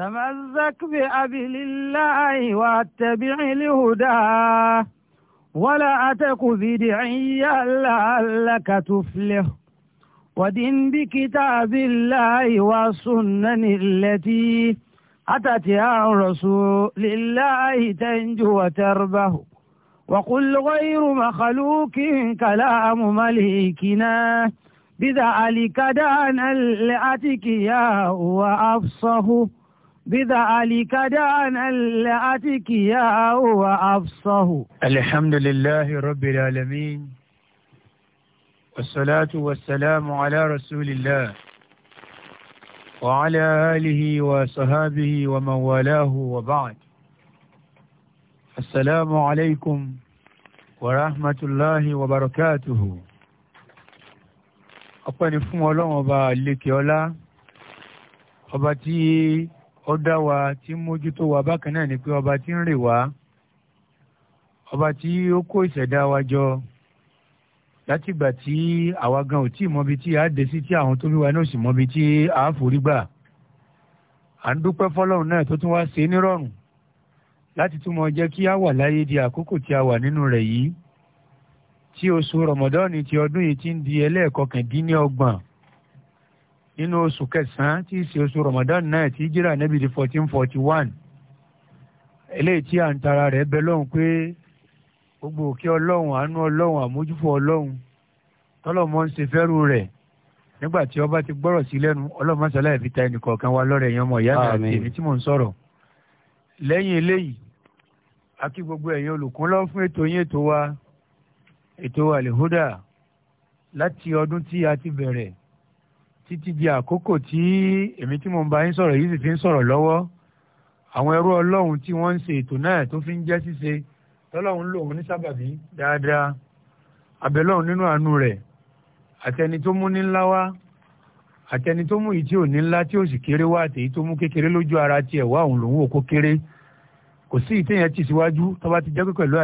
تمزك بأبي الله واتبع لهداه ولا أتك بدعيا لعلك تفلح ودن بكتاب الله والسنن التي أتت يا رسول الله تنجو وتربه وقل غير مخلوق كلام مليكنا بذلك دان لأتك يا وأفصه بذا بذلك يا لأتكياء وأفصه الحمد لله رب العالمين والصلاة والسلام على رسول الله وعلى آله وصحبه ومن والاه وبعد السلام عليكم ورحمة الله وبركاته أقول فم الله وبالك يولا وبتي ó wa tí mójútó wa bákan náà ni pé ọba tí ń rè wá ọba tí ó kó ìṣẹ̀dá wa jọ látìgbà tí àwa gan ò tí ì mọbi tí a dé sí tí àwọn tó bí wa náà sì mọbi tí a forí gbà à ń dúpẹ́ fọlọ́run náà tó tún wá ṣe nírọ̀rùn láti túmọ̀ jẹ́ kí a wà láyé di àkókò tí a wà nínú rẹ̀ yìí tí oṣù rọmọdọ́ọ̀nì ti ọdún yìí ti ń di ẹlẹ́ẹ̀kọkàndínlọ́gbọ̀n nínú oṣù kẹsàn-án tí í ṣe oṣù Ramadan náà tí jíra nẹ́bí di fourteen forty one eléyìí tí à ń bẹ pé gbogbo òkè ọlọ́hùn àánú ọlọ́hùn àmójúfò ọlọ́hùn tọ́lọ́mọ ń ṣe fẹ́rù rẹ̀ nígbà ọba ti gbọ́rọ̀ sí lẹ́nu fi ta wa lọ́rẹ̀ ìyá mi àti èmi tí mò ń sọ̀rọ̀ lẹ́yìn eléyìí gbogbo ẹ̀yin olùkún fún ètò yín ètò wa ètò àlèhódà láti ọdún tí a ti bẹ̀rẹ̀ títí di àkókò tí èmi tí mo ń bá yín sọ̀rọ̀ yìí sì fi ń sọ̀rọ̀ lọ́wọ́ àwọn ẹrú ọlọ́run tí wọ́n ń ṣe ètò náà tó fi ń jẹ́ ṣíṣe tọ́lọ́run lòun ní sábàbí dáadáa abẹ́lọ́run nínú àánú rẹ̀ àtẹni tó mú ní ńlá wá àtẹni tó mú yìí tí ò ní ńlá tí ò sì kéré wá àtẹ̀yí tó mú kékeré lójú ara tiẹ̀ wá òun lòun òkó kéré kò sí ìtẹ̀yẹn tì síwájú tó ti jẹ́ pé pẹ̀lú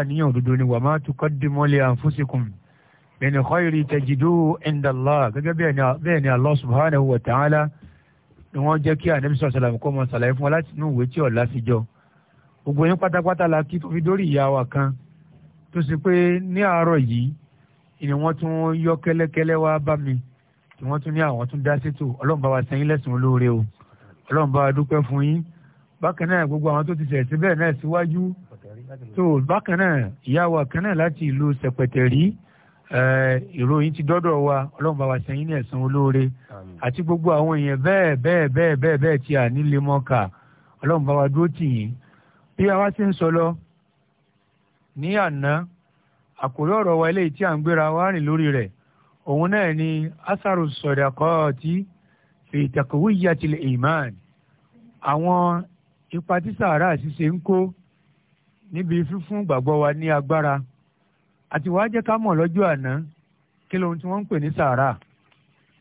min khayri tajidu inda Allah gẹ́gẹ́ bẹ́ẹ̀ ni Allah subhanahu wa ta'ala ni wọ́n jẹ́ kí ànábì sọ̀rọ̀ sàlámù kọ́ mọ sàlàyé fún wa láti inú ìwé tí ọ̀la fi jọ gbogbo yín pátápátá la kí tó fi dórí ìyá wa kan tó sì pé ní àárọ̀ yìí ni wọ́n tún yọ kẹ́lẹ́kẹ́lẹ́ wá bá mi tí wọ́n tún ní àwọn tún dá sétò ọlọ́run bá wa sẹ́yìn lẹ́sìn olóore o ọlọ́run bá wa dúpẹ́ fún yín bákan náà gbogbo àwọn tó ti sẹ̀ síbẹ̀ náà síwájú tó bákan náà ìyá wa kan náà láti ìlú sẹ̀pẹ̀tẹ̀rí ìròyìn ti dọ́dọ̀ wa wa sẹ́yìn ní ẹ̀sán olóore àti gbogbo àwọn èèyàn bẹ́ẹ̀ bẹ́ẹ̀ bẹ́ẹ̀ bẹ́ẹ̀ bẹ́ẹ̀ tí a nílé mọ́ka ọlọ́run bá wa dúró tì yín bí a wá sí ń sọ lọ ní àná àkórí ọ̀rọ̀ wa eléyìí tí à ń gbéra wa rìn lórí rẹ̀ òun náà ni asaru fi iman àwọn ipa tí sàárà ṣiṣẹ́ ń kó níbi fífún gbàgbọ́ wa ní agbára. àti wàá jẹ́ ká mọ̀ lọ́jọ́ àná kí lohun tí wọ́n ń pè ní sàárà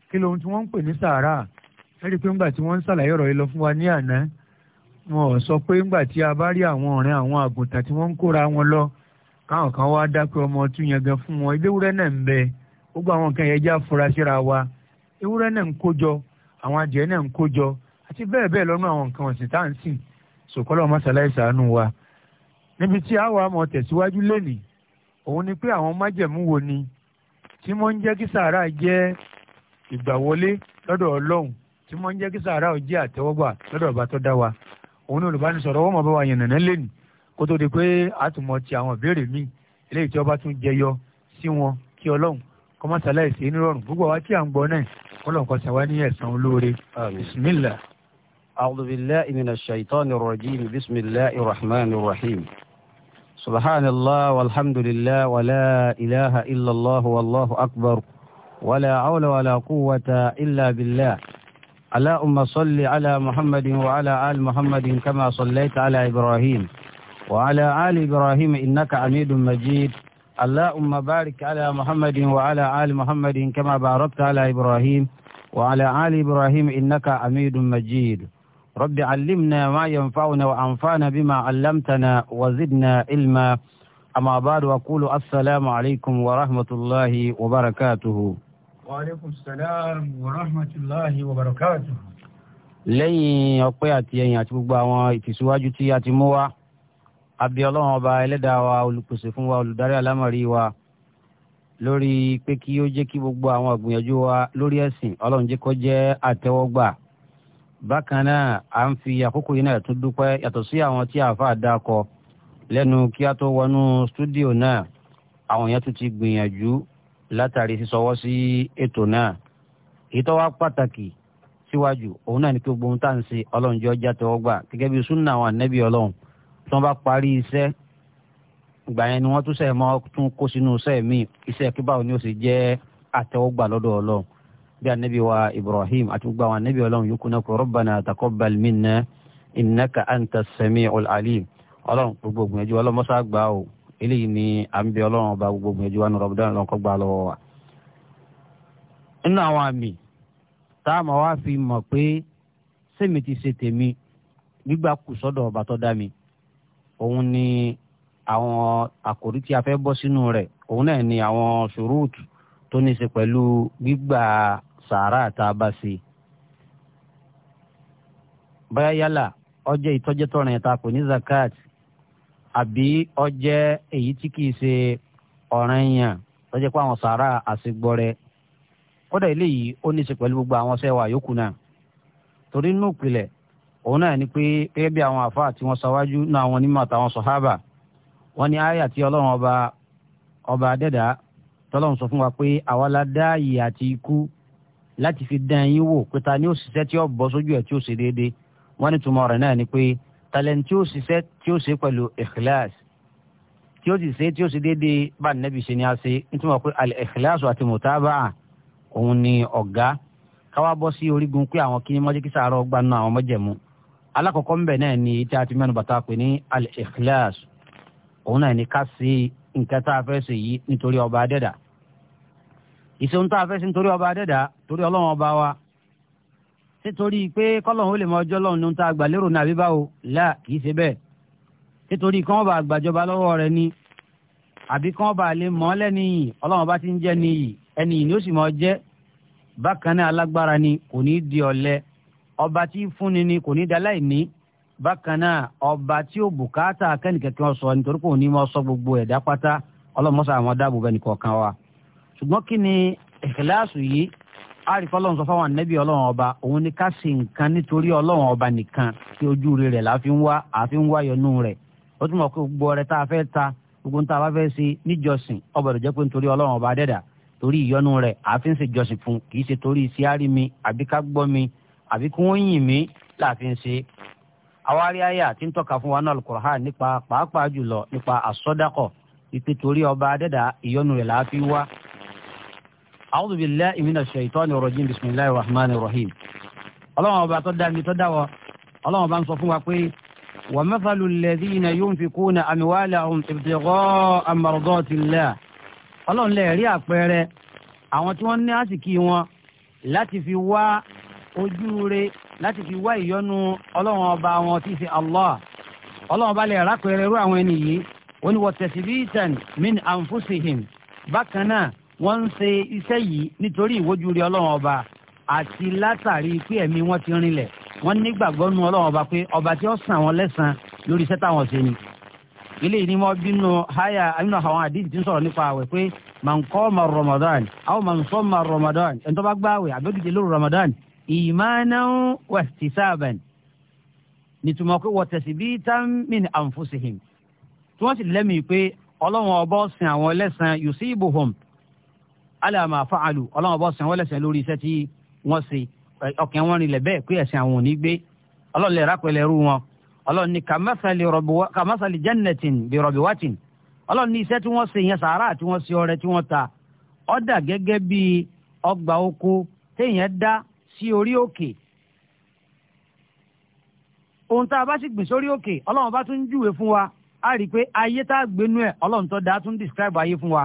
kí lohun tí wọ́n ń pè ní sàárà ẹ rí i pé ńgbà tí wọ́n ń ṣàlàyé ọ̀rọ̀ yìí lọ fún wa ní àná wọn ò sọ pé ńgbà tí a bá rí àwọn ọ̀rẹ́ àwọn àgùntàn tí wọ́n ń kóra wọn lọ káwọn kan wá dápẹ́ ọmọ ọtún yẹn gan fún wọn ewúrẹ́ náà ń bẹ gbogbo àwọn nǹkan yẹn já fura síra wa ewúrẹ́ náà ń kójọ àwọn adìẹ náà ń kójọ àti bẹ́ẹ̀ bẹ́ẹ̀ lọ́nà àwọn nǹkan ọ̀sìn tá sòkòlò ọmọ sàlàyé sàánú wa níbi tí a wà tẹ̀síwájú lénìí òun ni pé àwọn májẹ̀mú wo ni tí wọ́n ń jẹ́ kí sàárà jẹ́ ìgbàwọlé lọ́dọ̀ ọlọ́run tí wọ́n ń jẹ́ kí sàárà jẹ́ àtẹ́wọ́gbà lọ́dọ̀ ọba tó dá wa òun ni olùbánisọ̀rọ̀ wọ́n mọ̀ bá wa yàn nàná lẹ́nu kó tó di pé àtùmọ̀ ti àwọn ìbéèrè míì eléyìí tí ọba tún jẹyọ sí wọn kí ọlọ́run kọ́mọ́sálẹ̀ ìsè nírọ̀rùn gbogbo àwa tí à ń gbọ́ náà ọlọ́run kó san wá ní ẹ̀san olóore bismillah. a'udhu billahi minash shaitani rrajim bismillahir rahmanir rahim. سبحان الله والحمد لله ولا إله إلا الله والله أكبر ولا عول ولا قوة إلا بالله اللهم صل على محمد وعلى آل محمد كما صليت على إبراهيم وعلى آل إبراهيم إنك عميد مجيد اللهم بارك على محمد وعلى آل محمد كما باركت على إبراهيم وعلى آل إبراهيم إنك عميد مجيد رب علمنا ما ينفعنا وأنفعنا بما علمتنا وزدنا علما أما بعد وأقول السلام عليكم ورحمة الله وبركاته وعليكم السلام ورحمة الله وبركاته lẹ́yìn ọpẹ́ àti ẹ̀yìn àti gbogbo àwọn ìtẹ̀síwájú tí a ti mú wá àbí ọlọ́run ọba ẹlẹ́dàá wa olùpèsè fún wa olùdarí alámọ̀rí wa lórí pé kí ó jẹ́ kí gbogbo àwọn ìgbìyànjú wa lórí ẹ̀sìn ọlọ́run jẹ́ jẹ́ àtẹ́wọ́gbà bákan náà à ń fi àkókò yìí náà tún dúpẹ́ yàtọ̀ sí àwọn tí àáfàá dákọ lẹ́nu kí a tó wọnú stúdíò náà àwọn yẹn tún ti gbìyànjú látàrí sísọwọ́ sí ètò náà wa pàtàkì síwájú òun náà ni kí gbogbo ohun tá à ń ṣe ọlọ́run jọ já tẹ́wọ́ gbà gẹ́gẹ́ bí súnà àwọn ànẹ́bí ọlọ́run tí wọ́n bá parí iṣẹ́ ìgbà yẹn ni wọ́n tún sẹ́ẹ̀ mọ́ tún kó sínú iṣẹ́ míì iṣẹ́ kí ni ó sì jẹ́ àtẹ́wọ́gbà lọ́dọ̀ ọlọ́run bí anabi wa ibrahim àti gbogbo àwọn anabi ọlọ́run yòókù náà kò rabbana taqabbal minna innaka anta as-sami'ul alim ọlọ́run gbogbo gbìyànjú ọlọ́run mọ́sá gbà ó eléyìí ni à ń bẹ ọlọ́run ọba gbogbo gbìyànjú wa ní rọ̀bùdán ọlọ́run kó gbà lọ́wọ́ wa. nínú àwọn àmì tá a máa wá fi mọ̀ pé sẹ́mi ti ṣe tèmi gbígbà kù sọ́dọ̀ ọba tó dá mi òun ni àwọn àkòrí tí a fẹ́ bọ́ sínú rẹ̀ òun náà ni àwọn ṣùrùtù tó ní í ṣe pẹ̀lú gbígbà sàárà tá a bá ṣe bóyá yálà ọjọ́ ìtọ́jẹ́ tọrọ yẹn tá a pè ní zakat àbí ọjọ́ èyí tí kìí ṣe ọ̀ràn yẹn tọ́jẹ́ pé àwọn sàárà àṣegbọ́rẹ́ kódà eléyìí ó ní í ṣe pẹ̀lú gbogbo àwọn ọṣẹ́ wa yòókù náà torí nínú ìpìlẹ̀ òun náà ni pé gẹ́gẹ́ bí àwọn àfáà àti wọn ṣáwájú náà àwọn onímọ̀ àtàwọn sọ̀hábà wọn ní àyà àti ọlọ́run ọba ọba adẹ́dá tọ́lọ́run sọ fún wa pé àwa la dá ìyè àti ikú láti fi dán yín wò pé ta ni ó ṣiṣẹ́ tí ó bọ́ sójú ẹ̀ tí ó ṣe déédéé wọ́n ní túmọ̀ rẹ̀ náà ni pé talent tí ó ṣiṣẹ́ tí ó ṣe pẹ̀lú ikhlas tí ó ti ṣe tí ó ṣe déédéé bá nẹ́bí ṣe ni a ṣe nítorí pé al ikhlas àti mutaba òun ni ọ̀gá káwá bọ́ sí orígun pé àwọn kí ni mọ́jẹ́ kí sàárọ̀ gbanú àwọn mọ́jẹ̀mú alákọ̀ọ́kọ́ ń bẹ̀ náà ni tí a ti mẹ́nu bàtà pé ní al ikhlas òun náà ni ká ṣe nǹkan tá a fẹ́ ṣe yìí nítorí ọba adẹ́dàá Iso tá a fẹ́ sí nítorí ọba adẹ́dà torí ọlọ́run ọba wa nítorí pé kọ́lọ́run ó lè mọ ọjọ́ lọ́run ní ohun a gbà lérò là kìí ṣe bẹ́ẹ̀ nítorí kí wọ́n bá lọ́wọ́ rẹ ni àbí kí wọ́n lè mọ́ ti ń jẹ́ ni ó sì mọ jẹ́ bákan náà ni kò ní di ọba tí ni kò ní bákan náà ọba tí ó bùkátà kẹ́nìkẹ́kẹ́ nítorí ní mọ́ sọ ṣùgbọ́n kí ni ìkìláàsù yìí àrífọ́ ọlọ́run sọ fáwọn ànẹ́bí ọlọ́run ọba òun ni ká ṣe nǹkan nítorí ọlọ́run ọba nìkan tí ojú rẹ̀ láfi ń wá àfi ń wáyọnú rẹ̀ ó tún mọ̀ pé gbogbo ọrẹ tá a fẹ́ ta gbogbo tá a bá fẹ́ ṣe níjọsìn ọbọ̀dọ̀ jẹ́ pé nítorí ọlọ́run ọba dẹ́dà torí ìyọnu rẹ̀ àfi ń ṣe jọsìn fún kì í ṣe torí síárì mi àbí ká gbọ́ mi àbí kí wọ́n yìn mí láàfin ṣe. àwárí àyà tí ń tọ́ka fún wa náà al nípa pàápàá jùlọ nípa àsọdákọ̀ ìpè torí ọba dẹ́dà ìyọnu rẹ̀ láàfin wá a'udhu billahi minash shaitani rajim bismillahir rahmanir rahim ọlọ́wọ́n ọba tó dá mi tó dá wọ ọlọ́wọ́n bá ń sọ fún wa pé wa mathalul ladhina yunfikuna amwalahum ibtigha'a mardatillah ọlọ́run lè rí àpẹẹrẹ àwọn tí wọ́n ní àsìkí wọn láti fi wá ojúure láti fi wá ìyọ́nú ọlọ́run ọba wọn tí í ṣe Allah ọba lè rápẹẹrẹ irú àwọn ẹni yìí ó ní wa tasbitan min anfusihim wọ́n ń ṣe iṣẹ́ yìí nítorí ìwójú rí ọlọ́run ọba àti látàrí pé ẹ̀mí wọn ti rinlẹ̀ wọ́n nígbàgbọ́ nu ọlọ́run ọba pé ọba tí ó sàn wọn lẹ́sàn lórí iṣẹ́ táwọn ṣe ni. ilé yìí ni mo bínú háyà àmínú àwọn àdìsí tí ń sọ̀rọ̀ nípa àwẹ̀ pé màá kọ́ ma Ramadan àwọn màá sọ ma Ramadan ẹni tó bá gbààwẹ̀ àbẹ́dìde lóru Ramadan imanan wahtisaban nítumọ̀ pé wọ́tẹ̀sí bíi tàmín àǹfọ̀sìhìn tí wọ́n sì lẹ́mìí pé ọlọ́run ọba ọ̀sìn àwọn ẹlẹ́sàn alama fa'alu ọlọ́run bọ́ sẹ́wọ́n lẹ́sẹ̀ lórí iṣẹ́ tí wọ́n ṣe ọkàn wọn rinlẹ̀ bẹ́ẹ̀ pé ẹ̀sìn àwọn ò ní gbé ọlọ́run lè rápẹ̀lẹ̀ rú wọn ọlọ́run ní kàmásàlì jannatin bí rọ̀bìwátìn ọlọ́run ní iṣẹ́ tí wọ́n ṣe yẹn sàárà tí wọ́n ṣe ọrẹ tí wọ́n ta ọ̀dà gẹ́gẹ́ bí ọgbà oko téèyàn dá sí orí òkè ohun tá a bá sì gbìn sórí òkè ọlọ́run bá tún júwe fún wa a rí i pé ayé tá a gbénú ẹ̀ ọlọ́run tó dáa tún describe ayé fún wa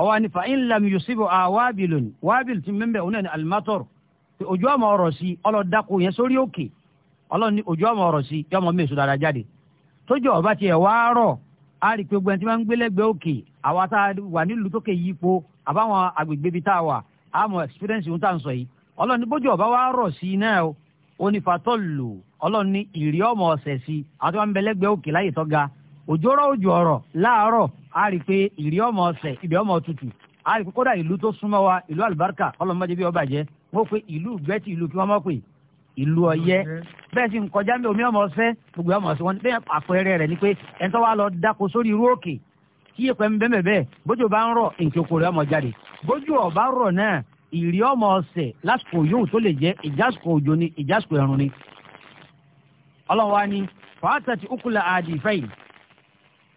ọwọ́ ni fàáyín lam yusibu a wábìlùn wábìlù ti mímbẹ̀ òun ní alimator ti ojú ọmọ ọ̀rọ̀ sí ọlọ́dàkùn yẹn sórí òkè ọlọ́ni ojú ọmọ ọ̀rọ̀ sí yọmọ mi èso dára jáde tójú ọba tiẹ̀ wá rọ̀ a rí i pé gbẹ̀ntì máa ń gbé lẹ́gbẹ̀ẹ́ òkè àwa tá a wà nílùú tókè yípo àbáwọn agbègbè bíi tá a wà á mọ experience ohun tá à sọ yìí ọlọ́ni bójú ọba wá sí i náà ó ní fatọ́lù ọmọ ọ̀sẹ̀ sí àti wọn bẹ lẹ́gbẹ̀ẹ́ òkè láyè tó ga òjòrò òjò ọ̀rọ̀ láàárọ̀ a rí pé ìrí ọmọ ọ̀sẹ̀ ìrí ọmọ tutù a rí i ìlú tó súnmọ́ wa ìlú àlùbáríkà ọlọmọdé bí ọba jẹ́ pe ìlú gbẹ́tì ìlú kí wọ́n mọ pé ìlú omi ọmọ gbogbo ọmọ wọn àpẹẹrẹ ni pé ẹni tó lọ dáko sórí irú òkè tí ń bẹ́ẹ̀ bẹ́ẹ̀ bójú bá ń oko ni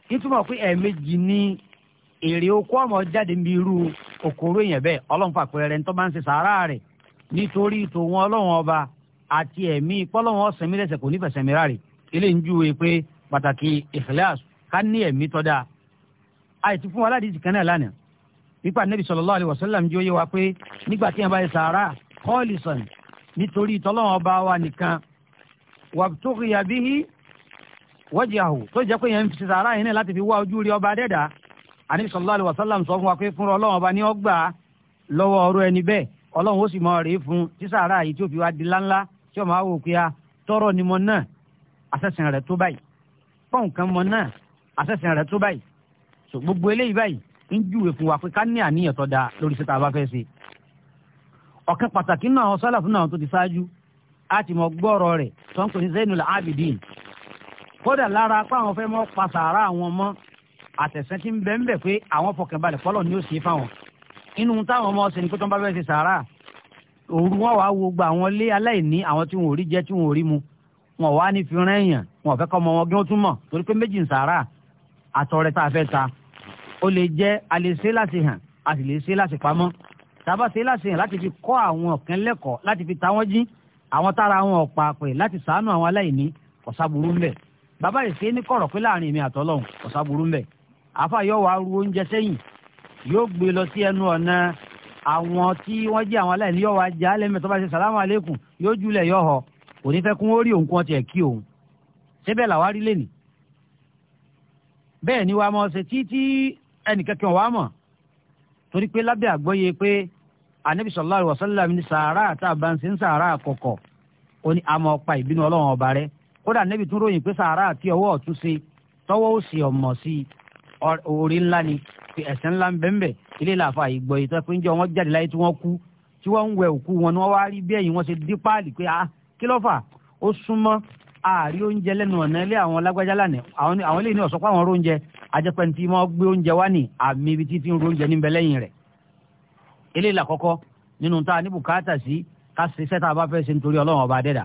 nítumọ̀ pé ẹ̀ẹ̀mejì ní èrè oko ọmọ jáde ń bi irú òkòrò èèyàn bẹ́ẹ̀ ọlọ́run fàpẹ́rẹ́ ń tọ́ máa ń ṣe sàárà rẹ̀ nítorí tòun ọlọ́run ọba àti ẹ̀mí pọ́lọ́run ọ̀sẹ̀mí lẹ́sẹ̀ kò nífẹ̀ẹ́ sẹ̀mí rárẹ̀ eléyìí ń júwe pé pàtàkì ìkìláàsù ká ní ẹ̀mí tọ́da àìsí fún wa aládìsí kan náà lánàá nípa nẹ́bí sallallahu alaihi wa pé nígbà tí yẹn wọ́jì àhù tó jẹ́ pé yẹn fi sàárà yẹn náà láti fi wá ojú rí ọba dẹ́dà àníbi sallallahu alaihi wasallam sọ fún wa ọlọ́run ọba ní ọgbà lọ́wọ́ ọ̀rọ̀ ẹni bẹ́ẹ̀ ọlọ́run ó sì mọ rèé fún ti sàárà yìí tí ó fi wá di ó wò a ní náà rẹ̀ tó ń kódà lára páwọn fẹ́ mọ́ pa sàárà àwọn mọ́ àtẹ̀sán tí ń bẹ́ ń bẹ̀ pé àwọn fọkànbalẹ̀ pọ́lọ̀ ni ó ṣe fáwọn inú táwọn ọmọ ọsẹ ni pé tó ń bá fẹ́ ṣe sàárà òru wọn wàá wo gba àwọn ilé aláìní àwọn tí wọn ò rí jẹ tí wọn ò rí mu wọn wàá ní fi rẹ́yìn wọn fẹ́ kọ́ ọmọ wọn gán tún mọ̀ torí pé méjì ń sàárà àtọ̀rẹ́ tá a fẹ́ ta ó lè jẹ́ a lè ṣe láti hàn a sì lè ṣe láti pamọ́ tàbá ṣe láti hàn láti fi kọ́ àwọn ọ̀kẹ́ lẹ́kọ̀ọ́ láti fi ta wọ́n jí àwọn tára àwọn ọ̀pá láti sàánú àwọn aláìní ọ̀sàbùrú ńbẹ̀ bàbá rẹ̀ ṣe ní kọ̀rọ̀ pé láàrin èmi àtọ́lọ́hún ọ̀sá burú ń bẹ̀ àfa yóò wá ru oúnjẹ sẹ́yìn yóò gbé lọ sí ẹnu ọ̀nà àwọn tí wọ́n jẹ́ àwọn aláìní yóò wá já lẹ́mẹ̀ tó bá ṣe sàlámù alẹ́kùn yóò júlẹ̀ yóò họ kò ní fẹ́ kún ó rí òun kan tiẹ̀ kí òun síbẹ̀ làwa rí lẹ́nì bẹ́ẹ̀ ni wàá mọ̀ ṣe títí ẹnìkẹ́kẹ́ wàá mọ̀ torí pé lábẹ́ àgbọ́yé pé anabi sallallahu alaihi wasallam ní sàárà tá a ń sàárà àkọ́kọ́ ó ní àmọ́ ọ̀pá ìbínú ọlọ́run ọba rẹ̀ kódà nẹ́bi tún ròyìn pé sàárà àti ọwọ́ ọ̀tún ṣe tọwọ́ òsì ọmọ sí orí ńlá ni ẹ̀sẹ̀ ńlá ń bẹ́ńbẹ́ ilé làáfà ìgbọ̀ ìtọ́ pé ń jẹ́ wọn jáde láyé tí wọ́n kú tí wọ́n ń wẹ òkú wọn ni wọ́n wá rí bẹ́ẹ̀ yìí wọ́n ṣe dí páàlì pé ah kí ló fà ó súnmọ́ ààrí oúnjẹ lẹ́nu ọ̀nà ilé àwọn lágbájá lánàá àwọn ilé ní ọ̀sọ́ pàwọn oúnjẹ ajẹ́pẹ́ntì mọ́ gbé oúnjẹ wá ní àmì ibi títí ń níbẹ̀ lẹ́yìn rẹ̀ ilé làkọ́kọ́ nínú tá a ní bùkátà sí ká ṣiṣẹ́ tá bá fẹ́ ṣe nítorí ọlọ́run ọba adẹ́dà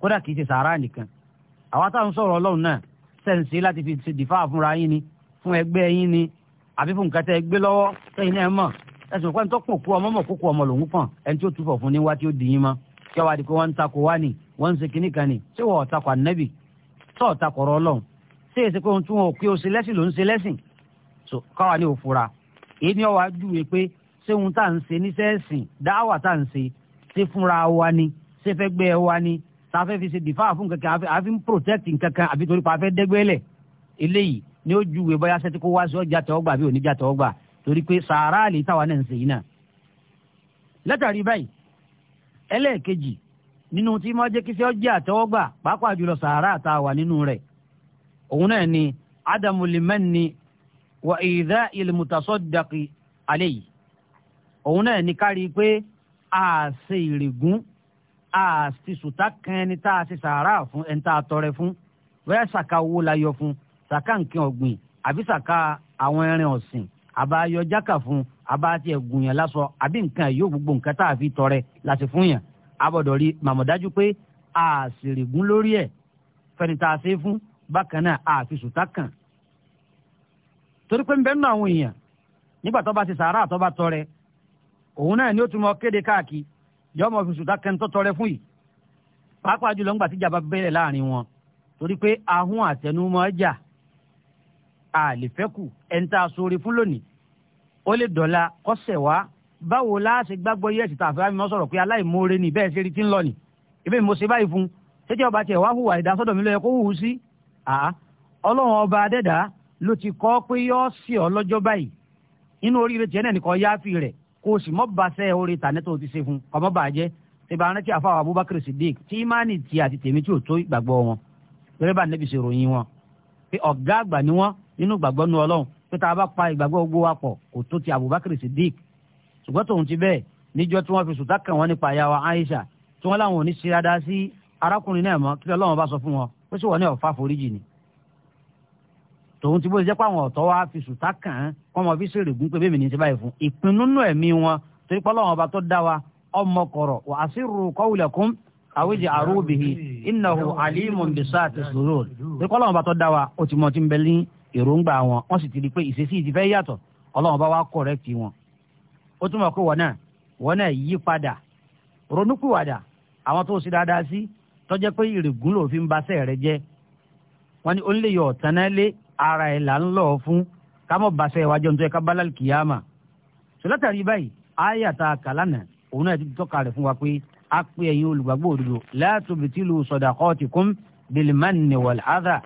kódà kì í ṣe sàárà nìkan àwọn táwọn sọ̀rọ̀ ọlọ́run náà sẹ́ǹsì láti fi ṣe dìfà fúnra yín ni fún ẹgbẹ́ yín ni àbí fún nǹkan tẹ́ ẹ gbé lọ́wọ́ sẹ́yìn náà mọ̀ ẹ̀sùn pé ń tọ́kùn kú ọmọ mọ̀ kókó ọmọ lòún pọ̀n ẹni tí ó túfọ̀ fún níwá tí ó dì yín mọ́ kí wàá di pé wọ́n ń takò wá ni wọ́n ń ṣe kinní kan ni ṣé wọ́n ọ̀takò ànẹ́bì tọ́ ọ̀takọ̀rọ̀ ọlọ́run ṣé èsì pé ohun tí wọn ò pé o ṣe lẹ́sìn ló ń ṣe lẹ́sìn so káwa ni ò fura èyí ni ọwọ́ ajúwe pé ṣé ohun tá à ń ṣe níṣẹ́ ẹ̀sìn dáwà tá à ń ṣe ṣe fúnra wa ni ṣe fẹ́ gbé e wa ni sáfẹ́ fi ṣe dìfá fún kankan àfi ń protect nkankan àbí torí pa afẹ́ dẹ́gbẹ́lẹ̀ eléyìí ni ó juwèé bóyá sẹ́tí kó wá sí ọjà tẹ́wọ́gbà àbí oníjà tẹ́wọ́gbà torí pé sàárà àlè táwa náà ń ṣe yìí náà. látàrí báyìí ẹlẹ́ẹ̀kejì nínú tí máa jẹ́ kí sí ọjà tẹ́wọ́gbà pàápàá jùlọ sàárà táwa nínú rẹ̀ òun náà ni ádámù lèmẹ́ni wà ìdá ìlmùtàsọ́dàkì àlẹ́ yìí òun náà ni kárí pé àṣe ìrègùn a ti sùtá kan ẹni tá a ti sàárà fún ẹni tá a tọrẹ fún bẹ́ẹ̀ sàkà owó la yọ fún sàkà nǹkan ọ̀gbìn àbí sàkà àwọn ẹran ọ̀sìn àbá yọ jákà fún àbá tiẹ̀ gùn yàn lásọ àbí nǹkan yóò gbogbo nǹkan tá a fi tọrẹ láti fún yàn abọ̀dọ̀ rí màmọ̀dájú pé a sì rìgún lórí ẹ̀ fẹ́ni tá a ṣe fún bákan náà a fi sùtá kan torí pé ń àwọn èèyàn nígbà tó bá ti sàárà tó bá tọrẹ òun náà ni ó tún mọ kéde káàkiri yọmọ fi sùtá kẹ́ńtọ́ tọrẹ fún yìí pàápàá jùlọ ńgbà tíjà bá bẹ̀rẹ̀ láàrin wọn torí pé ahun àtẹnumọ́ jà a lè fẹ́ kù ẹni tá a sóore fún lónìí ó lè dọ̀la kọ́sẹ̀ wá báwo la ṣe gbàgbọ́ yẹ́ ẹ̀sìn tààfẹ́ àmì sọ̀rọ̀ pé aláìmoore ni bẹ́ẹ̀ ṣe rí tí ń lọ nì ebi mo ṣe báyìí fún ṣéjẹ́ ọba tiẹ̀ wá hùwà ìdásọ́dọ̀ mi ló yẹ kó hù ú sí ọlọ́run ọba adẹ́dàá ló ti kọ́ pé yọ́ sí ọ lọ́jọ́ báyìí inú oríire tiẹ̀ náà nìkan yááfì rẹ̀ kó o sì mọ́ basẹ́ orí tàní tó ti ṣe fún kọ́mọ́ bàjẹ́ ìbáraẹni tí àfàwọn Abubakar Siddiq tí imáàni ti àti tèmi tí ò tó ìgbàgbọ́ wọn pẹ̀lú bá nẹ́bi ṣe ròyìn wọn pé ọ̀gá àgbà ni wọ́n nínú ìgbàgbọ́ nu Ọlọ́run pé tá a bá pa ìgbàgbọ́ gbogbo wa pọ̀ kò tó ti Abubakar Siddiq ṣùgbọ́n tòun ti bẹ́ẹ̀ níjọ́ tí wọ́n fi sùtá kàn wọ́n nípa ìyá wa Aisha tí wọ́n láwọn ò ní ṣe dáadáa sí arákùnrin náà mọ́ kí Ọlọ́run bá sọ fún wọn pé ṣé wọ́n ní ọ̀fà foríjì ni tòun ti bó ṣe jẹ́ pé àwọn ọ̀tọ́ wa fi sùtá kàn án kọ́ mọ fi ṣèrègùn pé bẹ́ẹ̀ mi ní ti báyìí fún ìpinnu nù ẹ̀mí wọn torí pé ọlọ́run bá tó dá wa ọmọ kọ̀rọ̀ wà á sì rú qawlakum àwíjì àrùbìhì innahu alimun bisati sudur torí pé ọlọ́run ọba tó dá wa ó ti mọ ti ń bẹ ní èròǹgbà wọn wọ́n sì ti rí pé ìṣesí ti fẹ́ yàtọ̀ wọn yọ ara ẹ̀ là ń lọ fún kámọ́ bàṣẹ ìwájú ọ̀tún ẹ̀ka bálálì kìyàmà sọlátàrí báyìí àyà tá a kà lánàá òun náà ti tọ́ka rẹ̀ fún wa pé a pé ẹ̀yin olùgbàgbọ́ òdodo látòbí tìlù sadaqatikum bilmanni wal adha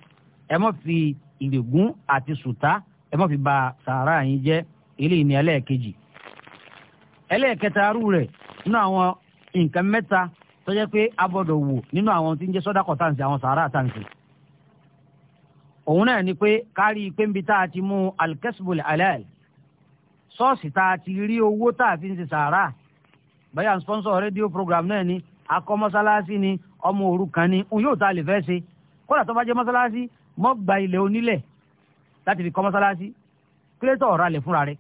ẹ má fi ìrègùn àti sùtá ẹ má fi ba sàárà yín jẹ́ eléyìí ni ẹlẹ́ẹ̀kejì ẹlẹ́ẹ̀kẹta arú rẹ̀ nínú àwọn nǹkan mẹ́ta tó jẹ́ pé a gbọ́dọ̀ wò nínú àwọn tí ń jẹ́ sọ́dà tàǹsì àwọn sàárà tàǹsì òun náà ni pé kárí pé nbi tá a ti mú alkesbul alal sọ́ọ̀sì tá a ti rí owó tá a fi ń ṣe sàárà báyà ń sponsor rédíò program náà ni akọ́ mọ́sálásí ni ọmọ òrukàn ni òun yóò tá a lè fẹ́ ṣe kódà tó bá jẹ́ mọ́sálásí mọ́ gba ilẹ̀ onílẹ̀ láti fi kọ́ mọ́sálásí kílẹ̀tọ̀ ọ̀rọ̀ alẹ̀ fúnra rẹ̀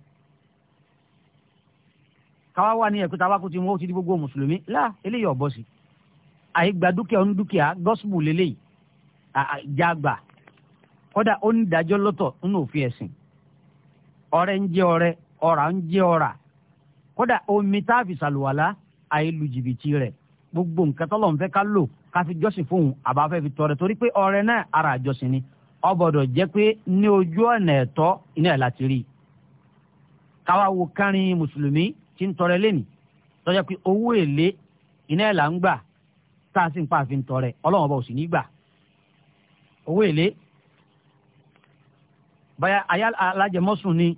káwá wà ní ẹ̀kú tabakú ti mú ó ti di gbogbo mùsùlùmí láà eléyìí ọ̀bọ sí àyígbà dúkìá onídúkìá gọ́sùbù lélẹ́yìí àjàgbà kódà ó ní lọ́tọ̀ nínú òfin ẹ̀sìn ọrẹ ń jẹ ọrẹ ọrà ń jẹ ọrà kódà omi tá a fi ṣàlùwàlá àìlù jìbìtì rẹ̀ gbogbo nǹkan tọ́lọ̀ ń fẹ́ ká lò ká fi jọ́sìn fóun àbáfẹ́ fi tọrẹ torí pé ọrẹ náà ara àjọsìn ni ọbọdọ̀ jẹ́ pé ní ojú ọ̀nà ẹ̀tọ́ iná ẹ̀ láti rí i káwa wo kárin mùsùlùmí tí ń tọrẹ lẹ́nì tọ́jà pé owó èlé iná ẹ̀ là ń gbà tá a sì ń pa àfi ń tọrẹ ọlọ́run ọba ò sì ní gbà owó èlé báyà ayá alájẹmọ́sùn ni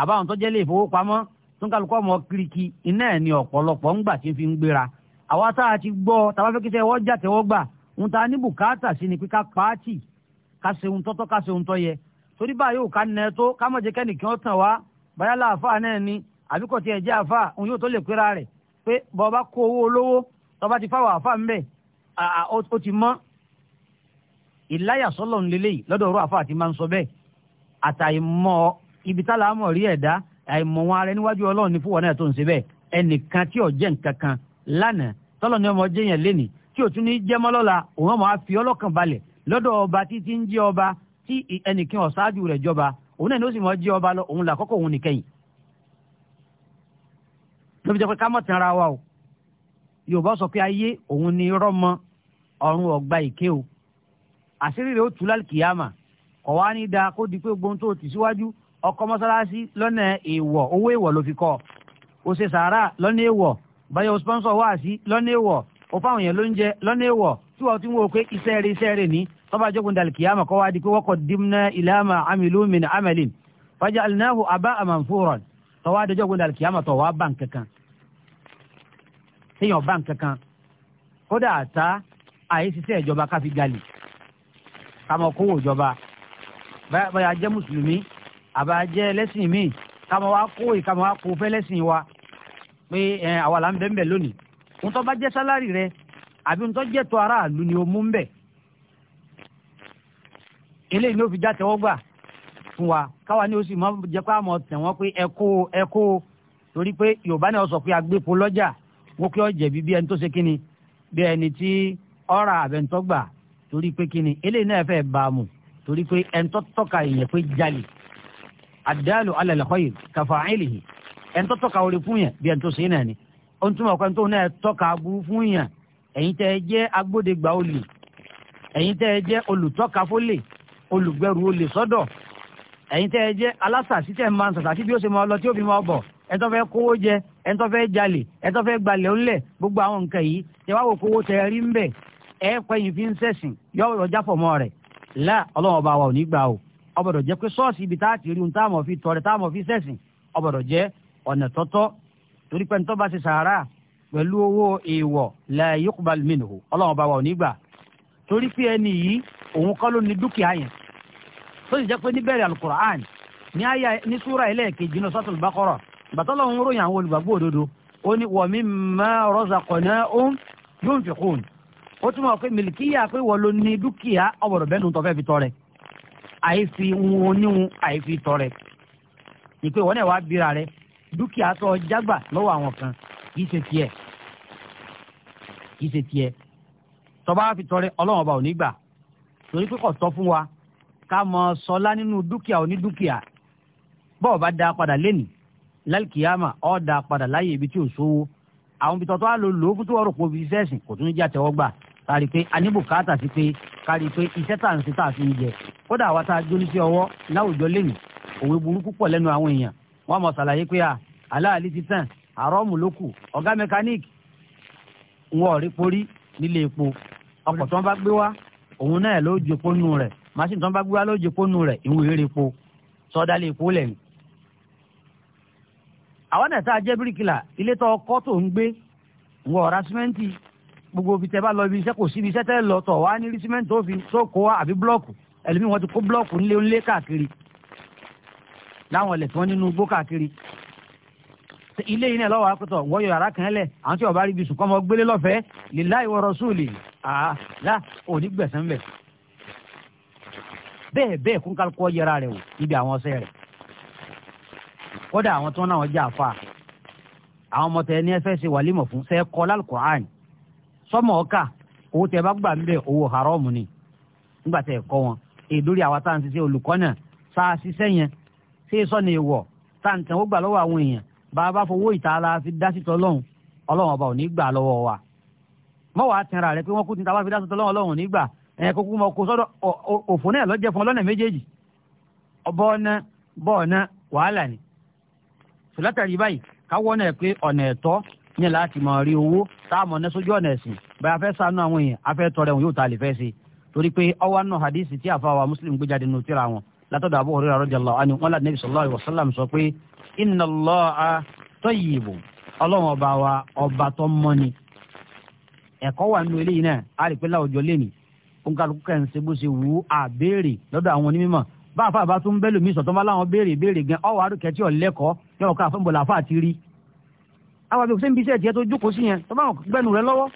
àbáwọn tó jẹ́ lè fowópamọ́ túnkàlùkọ́ ọmọ kiriki iná ẹ̀ ni ọ̀pọ̀lọpọ̀ ń gbà tí ń fi ń gbéra àwa tá a ti gbọ́ tàbá fẹ́ kí tẹ́ wọ́n jà tẹ́wọ́ gbà ń ta ní bùkátà sí ni pé ká pàátì ká ṣe ohun tọ́tọ́ ká ṣe ohun tọ́ yẹ torí báyìí ò ká nà ẹ tó ká mọ̀ jẹ́ kẹ́nì kí wọ́n tàn wá báyà láàfáà náà ni àbí kò tiẹ̀ jẹ́ àfáà òun yóò tó lè pera rẹ̀ pé bọ́ọ̀bá kó owó olówó tọ́ba ti fáwọn àfáà ń bẹ̀ ó ti mọ́ ìláyà sọ́lọ̀ ńlẹ́lẹ́yìí lọ́dọ̀ ọ̀rọ̀ àfáà ti máa ń sọ bẹ́ẹ̀ àtàìmọ̀ ibi tá làámọ̀ rí ẹ̀dá àìmọ̀ wọn ara níwájú ọlọ́run ní fúwọ́n náà tó ń ṣe bẹ́ẹ̀ ẹnìkan tí ò jẹ́ nǹkan kan lánàá tọ́lọ̀ ní ọmọ jẹ́yàn lẹ́nì tí ò tún ní jẹ́ mọ́ lọ́la òun ọmọ á fi ọlọ́kàn balẹ̀ lọ́dọ̀ ọba tí ti ń jẹ́ ọba tí ẹnìkan ọ̀ṣáájú rẹ̀ jọba òun náà ni ó sì mọ́ jẹ́ ọba lọ òun làkọ́kọ́ òun nìkẹyìn. lóbi jẹ́ pé ká mọ̀ tán ara wa o yorùbá sọ pé ayé òun ni rọ́mọ ọ̀run ọ̀gbà ìké o àṣírí rẹ̀ ó tú lálùkìyàmà kọ̀ wá ní da kó di pé gbóhùn tó ti síwájú ọkọ̀ mọ́sálásí lọ́nà èèwọ̀ owó èèwọ̀ ló fi kọ́ o ṣe sàárà lọ́nà èèwọ̀ báyọ̀ o sponsor wá sí lọ́nà èèwọ̀ o fáwọn èèyàn ló ń jẹ lọ́nà èèwọ̀ tí wọ́n ti ń wo pé iṣẹ́ rẹ̀ iṣẹ́ rẹ̀ ní tọ́ba jókòó dàlùkìyàmọ̀ kọ́ wá di pé wọ́kọ̀ dimna ìlàmà amilu min amalin fajalnahu aba'an manfuran tọ́wá dọjọ́ gbọ́dọ̀ àlùkìyàmọ̀ tọ́wá bá nkankan téèyàn bá nkankan kódà àtá àyè ṣiṣẹ́ ìjọba káfí galè kàmọ́ kówó ìjọba báyà jẹ́ mùsùlùmí àbá jẹ́ ẹlẹ́sìn míì káma wá kó ìkàmọ́ wá kó fẹ́lẹ́sìn wa pé àwa là ń bẹ́ẹ̀ bẹ́ẹ̀ lónìí ohun tó bá jẹ́ sálárì rẹ àbí ohun tó jẹ́ tó aráàlú ni o mú ń bẹ̀ eléyìí ni ó fi já tẹ́wọ́ gbà fún wa káwa ni ó sì máa jẹ́ pé àmọ́ tẹ̀ wọ́n pé ẹ kó ẹ kó torí pé yorùbá náà sọ pé agbépo lọ́jà wọ́n kí ọ jẹ̀bi bí ẹni tó ṣe kíni bí ẹni tí ọ̀rà àbẹ̀ntọ́gbà torí pé kíni eléyìí náà fẹ́ bá a mú torí pé ẹ̀ńtọ́ tọ́ka èèyàn pé jalè àdáàlù alàlẹ́ kọ́yì kàfà àìlèyìn ẹ̀ńtọ́ tọ́ka orí fún yàn bí ẹ̀ńtọ́ sèé náà ni ó ń túmọ̀ pé tóun náà tọ́ka aburú fún yàn ẹ̀yin tẹ́ ẹ jẹ́ agbódegbà olè ẹ̀yin tẹ́ ẹ jẹ́ olùtọ́ka fólè olùgbẹ̀rù olè sọ́dọ̀ ẹ̀yin tẹ́ ẹ jẹ́ alásàsí tẹ́ ẹ máa ń sàsàsí bí ó ṣe máa lọ tí ó máa bọ̀ ẹ̀ńtọ́ fẹ́ kówó jẹ ẹ̀ńtọ́ fẹ́ jalè ẹ̀ńtọ́ fẹ́ gbalẹ̀ ńlẹ̀ gbogbo àwọn nǹkan yìí tẹ́ wá wò kówó tẹ́ rí ń bẹ̀ ẹ̀ pẹ́yìn fi ń sẹ̀sìn yọ ọjà fọ̀mọ́ rẹ̀ là ọlọ́wọ́n bá wa ò ní gbà o ọbọ̀dọ̀ jẹ́ pé ṣọ́ọ̀ṣì ibi tá a ti rí ohun táwọn fi tọrẹ táwọn fi sẹ̀sìn ọbọ̀dọ̀ jẹ́ ọ̀nà tọ́tọ́ torí pé nítorí bá ti sàárà pẹ̀lú owó èèwọ̀ la yuqbal minhu ọlọ́wọ́n bá wa ò ní gbà torí pé ẹni yìí òun kọ́ ló ní dúkìá yẹn tó sì jẹ́ pé níbẹ̀rẹ̀ alukur'an ní àyà ní súra ẹlẹ́ẹ̀kejì náà sọ́tò bàkọ́rọ̀ bàtọ́lọ́ ròyìn àwọn olùgbàgbọ́ òdodo ó ní wa mimma razaqnahum yunfiqun ó túnmọ̀ pé mìlìkíyà pé wọ́n ló ní dúkìá ọ̀bọ̀dọ̀ bẹ́ẹ̀ nu tọ́fẹ́ fi tọrẹ àìfi wọn oníhun àìfi tọrẹ ìpè wọn náà wá bíra rẹ dúkìá tó jágbà lọ́wọ́ àwọn kan kì í ṣe tiẹ̀ kì í ṣe tiẹ̀ tọba fi tọrẹ ọlọ́wọ́n ọba ò gbà torí pé kò wa ká mọ sọlá nínú dúkìá bọ́ọ̀ bá da padà da padà ibi tí ò sówó àwọn ibi tọ́tọ́ á lò lò ó fún tí wọ́n rò kárí pé aníbùkátà sí pé kárí pé iṣẹ́ tà ń ṣe tà fi ń jẹ kódà àwa tá a jó níṣẹ́ ọwọ́ láwùjọ lẹ́yìn òwe burúkú pọ̀ lẹ́nu àwọn èèyàn wọ́n mọ̀ ṣàlàyé pé à aláàlí ti tàn àrọ́ọ̀mù ló kù ọ̀gá mẹkáníìkì wọn ò rí porí nílé epo ọkọ̀ tó ń bá gbé wá òun náà ló jẹ pónú rẹ̀ machine tó ń bá gbé wá ló jẹ pónú rẹ̀ ìwé eré epo sọ́dá lè epo lẹ́yìn. àwọn náà jẹ́ bíríkìlà ilé tó ọkọ́ tó ń gbé wọn ọ̀rá gbogbo ibi tẹ́ bá lọ ibi iṣẹ́ kò sí ibi iṣẹ́ tẹ́ lọ tọ̀ wá ní rí símẹ́ǹtì tó fi tó kó wá àbí blọ́ọ̀kù ẹlòmíì wọn ti kó blọ́ọ̀kù ńlé ńlé káàkiri láwọn ilẹ̀ tí wọ́n nínú igbó káàkiri ilé yìí náà lọ́wọ́ akọ́tọ̀ wọ́yọ̀ yàrá kan lẹ̀ àwọn tí ọba rí ibi sùn kọ́ ọmọ gbélé lọ́fẹ̀ẹ́ lillahi wa rasuli àlá òní gbẹ̀sán bẹ̀ bẹ́ẹ̀ bẹ́ẹ̀ kó kálukọ́ yẹra rẹ̀ wò níbi àwọn ọsẹ rẹ̀ kódà àwọn tí wọ́n náà wọ́n jẹ́ àfa àwọn ọmọ tẹ̀ ní ẹ ṣe wàlímọ̀ fún sẹ́ẹ̀ kọ́ lálùkùránì sọmọ ọkà owó tẹ bá gbà ń bẹ owó haramu ni nígbà tẹ kọ wọn èdórí àwa tá à ń olùkọ́ náà sá a ṣiṣẹ́ yẹn ṣé é àwọn èèyàn bá a bá fowó ìta fi dá sí ọlọ́run ọba ò ní gbà wa mọ́ wàá rẹ pé wọ́n kú ti ta wá fi ọlọ́run ò ní gbà ẹ̀ kókó mọ kó sọ́dọ̀ òfò náà lọ́jẹ́ fún ọlọ́nà méjèèjì táàmù ọ̀nà sójú ọ̀nà ẹ̀sìn bẹ́ẹ̀ afẹ́ sànú àwọn èèyàn afẹ́ tọrẹ wọn yóò ta àlefẹ́ sí torí pé ọwọ́ nù hadith tí àfàwà muslim gbé jáde nù tíra wọn látọ̀dọ̀ Abu Hurairah radiyallahu anhu wọn láti nabi sallallahu alaihi wasallam sọ pé inna Allaha tayyibun ọlọ́run ọba wa ọba tó mọ́ ni ẹ̀kọ́ wà nínú eléyìí náà a rí pé láwùjọ lẹ́nìí òǹkàlùkù kẹ́ ń ṣe bó ṣe wù ú àbéèrè lọ́dọ̀ àwọn onímọ̀ àwọn àbẹ̀kù sí ń bí iṣẹ́ ìjẹ́ tó jókòó sí yẹn tó bá wọn gbẹnu rẹ lọ́wọ́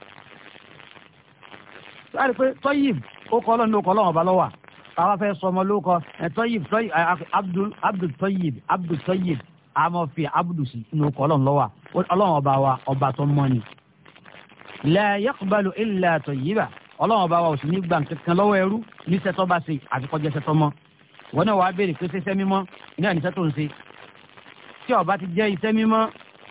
láti pé tọ́yìb ó kọ́ ọlọ́run ló kọ́ ọlọ́run ọba lọ́wà àwọn afẹ́ sọ ọmọ ló kọ tọ́yìb tọ́yìb abdul abdul tọ́yìb abdul tọ́yìb amọ̀fẹ́ abdul sí ló kọ́ ọlọ́run lọ́wà ọlọ́run ọba wa ọba tó mọ́ ni. la yaqbalu illa tọ́yìbà ọlọ́run ọba wa ò sì ní gbà kankan lọ́wọ́ ẹrú ní sẹ́tọ́ bá ṣe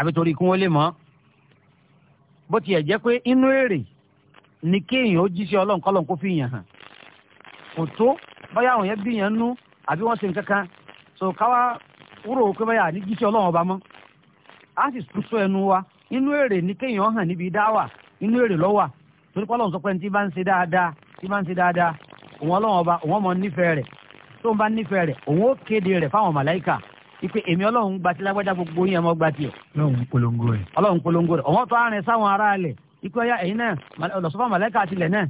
àbí torí kí wọ́n lè mọ́ bó tiẹ̀ jẹ́ pé inú èrè ni kéèyàn ó jíṣẹ́ ọlọ́run kọ́lọ́run kó fi yàn hàn kò tó báyà àwọn yẹn bí yàn nú àbí wọ́n ṣe nǹkan kan so káwá wúrò pé báyà ní jíṣẹ́ ọlọ́run ọba mọ́ á sì sọ ẹnu wa inú èrè ni kéèyàn hàn níbi dáwà inú èrè lọ́wà torí kọ́lọ́run sọ pé ní tí bá ń ṣe dáadáa tí bá ń ṣe dáadáa òun ọlọ́run ọba ipe èmi ọlọ́run gba ti lágbájá gbogbo yín ẹmọ gba tiẹ̀. ọlọ́run polongo rẹ̀. ọlọ́run polongo rẹ̀ ọ̀wọ́n tó arìn sáwọn ará alẹ̀ ikú ọyá ẹ̀yin náà ọ̀lọ́sọ́fà màlẹ́kà àtìlẹ̀ náà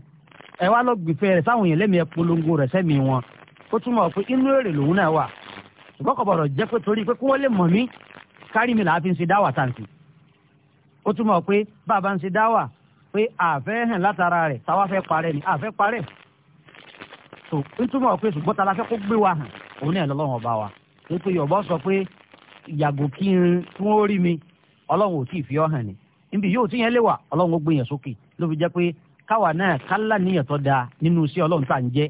ẹ wá lọ gbìfẹ́ rẹ̀ sáwọn yẹn lẹ́mìí polongo rẹ̀ sẹ́mi wọn ó túmọ̀ pé inú èrè lòun náà wà ṣùgbọ́n kọ̀bọ̀rọ̀ jẹ́ pé torí pé kí wọ́n lè mọ̀ mí kárí mi làá fi ń ṣe dáwà tàǹtì ó túmọ̀ pé bàbá ń ṣe dáwà pé àfẹ́ hàn látara rẹ̀ táwa fẹ́ parẹ́ ni àfẹ́ parẹ́ tó ń túmọ̀ pé ṣùgbọ́n ta la fẹ́ kó gbé wa hàn òun náà lọ́lọ́run ọba wa. kí yorùbá sọ pé yàgò kí n fún rí mi ọlọ́run ò tí ì fi ọ́ hàn ni níbi yóò tí yẹn lé wà ọlọ́run ó gbé yẹn sókè ló fi jẹ́ pé káwa náà kálá níyàn tó nínú iṣẹ́ ọlọ́run tá à ń jẹ́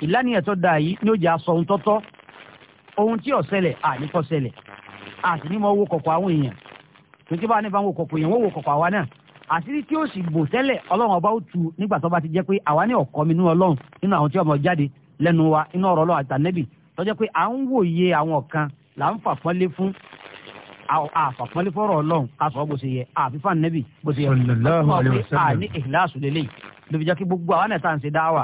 ìlànìyàn tó dáa yìí aṣọ ohun tọ́tọ́ ohun tí ó ṣẹlẹ̀ àní àti ní mo wo àwọn èèyàn tuntun bá ní bá wo tí ó sì bò tẹ́lẹ̀ ọba ó tu nígbà tó bá ti jẹ́ pé àwa ní ọ̀kọ́ mi nínú ọlọ́run nínú àwọn tọ́jọ́ pé à ń wòye àwọn kan là ń fàpọ́nlé fún àfàpọ́nlé fọ́rọ̀ ọlọ́run aṣọ bó ṣe yẹ àfífà nẹ́bì bó ṣe yẹ a ní ìhìláṣù lélẹ̀ lóbi jẹ́ kí gbogbo àwọn ẹ̀ta ṣe dáwà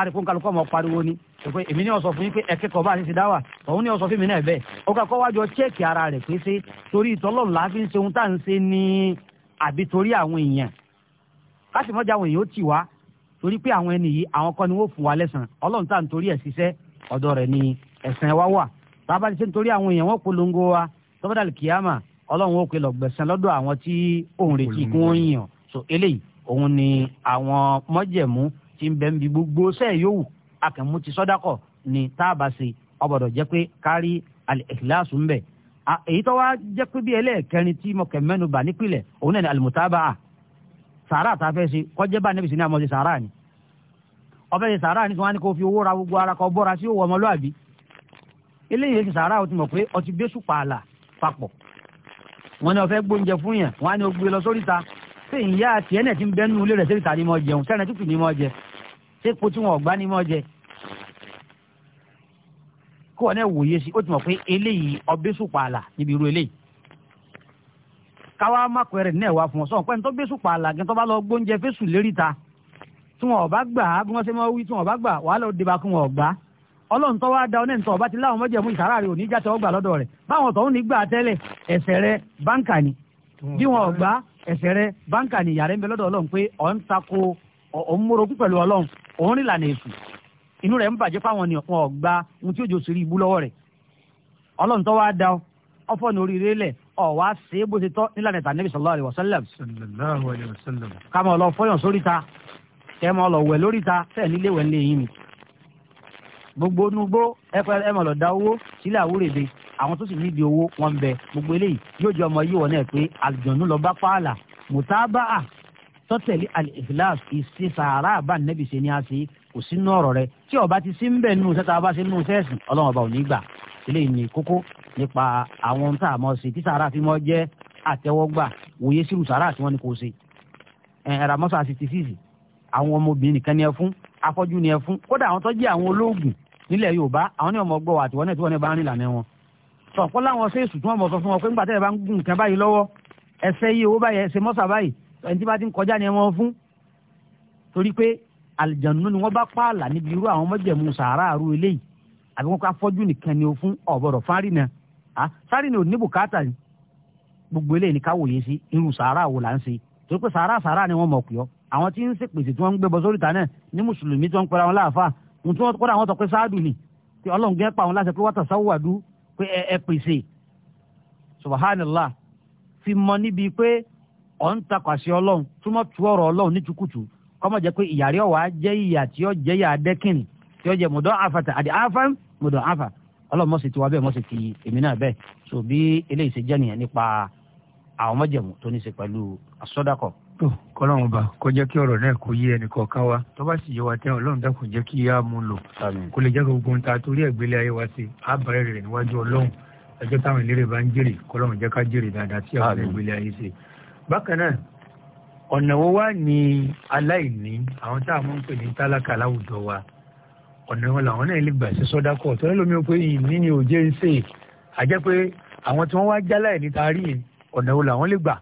àríkún kálukú ọmọ pariwo ni pé èmi ní ọ̀sọ̀ fún yín pé ẹ̀kẹ́ kọ̀ bá ṣe dáwà òun ní ọ̀sọ̀ fún mi náà bẹ́ẹ̀ ó kà kọ́ wájọ chẹ́ẹ̀kì ara rẹ̀ pé ṣé torí ìtọ́lọ́run la fi ń ṣe ohun tá à ń ṣe ní àbí torí àwọn èèyàn káṣímọ́jà àwọn èèyàn ó tì wá torí pé àwọn ẹni yìí àwọn kọ́ ni wọ́n fún wa lẹ́sàn ọlọ́run tá à ń torí ẹ̀ ṣiṣẹ́ ọ̀dọ̀ rẹ̀ ni ẹ̀sìn wa wà bàbá ti ṣe nítorí àwọn èèyàn wọn polongo wa tọ́bọ̀dà kìámà ọlọ́run ó pe lọ́gbẹ̀sán lọ́dọ̀ àwọn tí òun retí kí wọ́n yàn so eléyìí òun ni àwọn mọ́jẹ̀mú ti ń bẹ́ẹ̀ bí gbogbo sẹ́ẹ̀ yòówù akẹ́mú ti sọ́dákọ̀ ni táàbà ṣe ọbọ̀dọ̀ jẹ́ pé kárí al-ikhlasu ń bẹ̀ èyí tó wá jẹ́ pé bí ẹlẹ́ẹ̀kẹrin tí mo kẹ̀ bà nípìnlẹ̀ òun náà ni al-mutaba'a sàárà tá a fẹ́ ṣe kọjá níbi sí ní àmọ́ ṣe sàárà ni ọbẹ̀ yẹn sàárà ní kí wọ́n á ní kó fi owó ra gbogbo ara kọ bọ́ra sí òwò ọmọlúàbí eléyìí èsì sàárà ó ti mọ̀ pé ọtí gbé sùpà àlà papọ̀ wọ́n ní ọ̀fẹ́ gbóúnjẹ fún yẹn wọ́n á ní ogbe lọ sóríta ṣé ìyá àti ẹ̀nẹ̀ ti ń bẹ́nu ilé rẹ̀ sóríta ni mo jẹun sẹ́rẹ̀ tútù ni mo jẹ ṣé kó tí wọn ọ̀gbá ni mo jẹ kó wọn náà wòye sí ó ti mọ̀ pé eléyìí ọbẹ̀ sùpà níbi irú eléyìí káwá má pẹ̀rẹ̀ náà wá fún ọ sọ̀rọ̀ pẹ́ni tó gbé sùpà àlà tó bá lọ gbóúnjẹ fẹ́sù léríta tí wọn ọba gbà á bí wọn ṣe máa wí tí wọn ọba gbà wàá lọ dìbà kí wọn ọgbà ọlọ́run tó wá da ọ nẹ́ẹ̀ntọ́ ọba ti láwọn mọ́jẹ̀mú ìsàrà rẹ òní jáde ọgbà lọ́dọ̀ rẹ̀ báwọn tọ̀hún ní gbà tẹ́lẹ̀ ẹ̀ṣẹ̀ rẹ báńkà ni bí wọn ọgbà ẹ̀ṣẹ̀ rẹ báńkà ni ìyàrá ń bẹ lọ́dọ̀ ọlọ́run pé ọ̀ ń tako ọ̀ ń múrogún pẹ̀lú ọlọ́run òun rí lànà èṣù inú rẹ̀ ń bàjẹ́ fáwọn ni wọn bó ṣe tọ́ nílànà ìtàn Nabi sallallahu alaihi wasallam. sallallahu alaihi wasallam. kàmọ́ ọlọ́ fọyàn sórí ta kẹ́ mọ́ lọ wẹ̀ lóríta fẹ́ nílé wẹ̀ nílé yín ni gbogbo nugbó ẹ̀fọ́ ẹ̀ mọ̀ lọ da owó sílẹ̀ àwúrèbe àwọn tó sì nídìí owó wọn bẹ gbogbo eléyìí yóò jẹ ọmọ yìí wọ náà pé àlùjọ̀nù lọ bá pààlà mùtábà à tọ́tẹ̀lé al-ikhlas ìṣe sàárà bá nẹ́bí ṣe ni a ṣe kò sínú ọ̀rọ̀ rẹ tí ọba ti sí ń bẹ̀ nínú sẹ́ta bá ṣe nínú sẹ́ẹ̀sì ọlọ́run ọba ò ní gbà eléyìí ni kókó nípa àwọn ohun tá a mọ̀ ṣe tí sàárà fi mọ́ jẹ́ àtẹ́wọ́gbà wòye sírù sàárà tí wọ́n ní kò ṣe ẹ̀rọ mọ́sá sixty six àwọn ọmọbìnrin nìkan ni ẹ fún afọ́jú ni ẹ fún kódà àwọn tó jẹ́ àwọn olóògùn nílẹ̀ Yorùbá àwọn ní ọmọ gbọ́ wà àtiwọ́n náà tí wọ́n náà bá ń rìn lànà wọn. sọ̀kọ́ láwọn ṣe èsù tí wọ́n mọ̀ sọ fún wọn pé ńgbà tẹ́lẹ̀ bá ń gùn nǹkan báyìí lọ́wọ́ ẹsẹ̀ yìí owó báyìí ẹsẹ̀ mọ́sà báyìí ẹni tí bá ti ń kọjá ni ẹ wọ́n fún. torí pé àlìjànú ni wọ́n bá pààlà níbi irú àwọn mọ́jẹ̀mú sàárà àrú eléyìí àbí wọn kó afọ́jú nìkan ni o fún ọ̀bọ̀rọ̀ fárínà fárínà ò ní bùkátà gbogbo eléyìí ni káwòye sí irú sàárà wo là ń ṣe torí pé sàárà sàárà ni wọ́n mọ̀ ọ́ àwọn tí ń ṣèpèsè tí wọ́n ń gbé bọ sórí ìta náà ní mùsùlùmí tí wọ́n ń pera wọn láàfà ohun tí wọ́n kọ́ra àwọn tọpẹ́ sáádù ni pé ọlọ́run gẹ́ pa àwọn láṣẹ pé wọ́tà sáwùwàdú pé ẹ ẹ pèsè subhanallah fi mọ níbi pé ọ̀ ń takàṣe ọlọ́run túmọ̀ tu ọ̀rọ̀ ọlọ́run ní tukutu kọ́mọ̀ jẹ́ pé ìyàrí ọ̀wá jẹ́ ìyà tí ó jẹ́ ìyà dẹ́kìn tí ó jẹ́ mọ̀dọ́ afata àdì afa mọ̀dọ́ afa ọlọ́run mọ̀sí tiwa bẹ́ẹ̀ mọ̀sí ti èmi náà bẹ́ẹ̀ so tó kọ́lọ́run ọba kó jẹ́ kí ọ̀rọ̀ náà kó yé ẹnì kọ̀ọ̀kan wa tó bá sì yé wa tẹ́ ọlọ́run dákun jẹ́ kí á mú un lò kó lè jẹ́ kó gbogbo ohun tá a torí ẹ̀gbélé ayé wa sí á bẹ̀rẹ̀ rẹ̀ níwájú ọlọ́run ẹjọ́ táwọn eléré bá ń jèrè kọ́lọ́run jẹ́ ká jèrè dáadáa tí àwọn ẹ̀gbélé ayé sí. bákan náà ọ̀nà wo wá ní aláìní àwọn tá a mọ̀ ń pè ní tálákà láwùjọ wa ọ̀nà wọn làwọn náà lè gbà ṣe sọ́dá tọ́lá lómi ó pé ìní ni òjé ń sè àjẹ́ pé àwọn tí wọ́n wá jálá ẹ̀ níta ọ̀nà wo làwọn lè gbà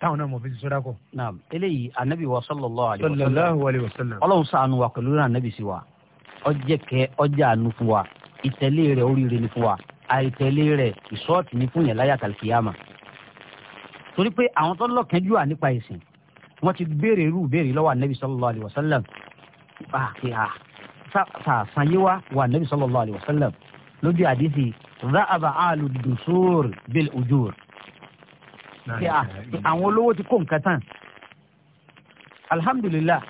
táwọn náà mọ̀ fi sọ́dá kọ. naam eléyìí anabi wa sallallahu alayhi wa sallam sallallahu alayhi wa sallam ọlọ́run ṣàánú wa pẹ̀lú náà anabi sí wa ọjẹ́ kẹ ọjà àánú fún wa ìtẹ̀lé rẹ̀ oríire ni fún wa àìtẹ̀lé rẹ̀ ìṣọ́ọ̀tì ni fún yẹn láyà kàlkìyàmà torí pé àwọn tó lọ́kẹ́jú à nípa ìsìn wọ́n ti béèrè irú béèrè lọ́wọ́ anabi sallallahu alayhi wa sallam sàṣàyé wa wà anabi sallallahu alayhi wa sallam lójú àdìsí zaaba alu dusur bil ujur kí àwọn olówó ti kó nǹkan tán alhamdulilah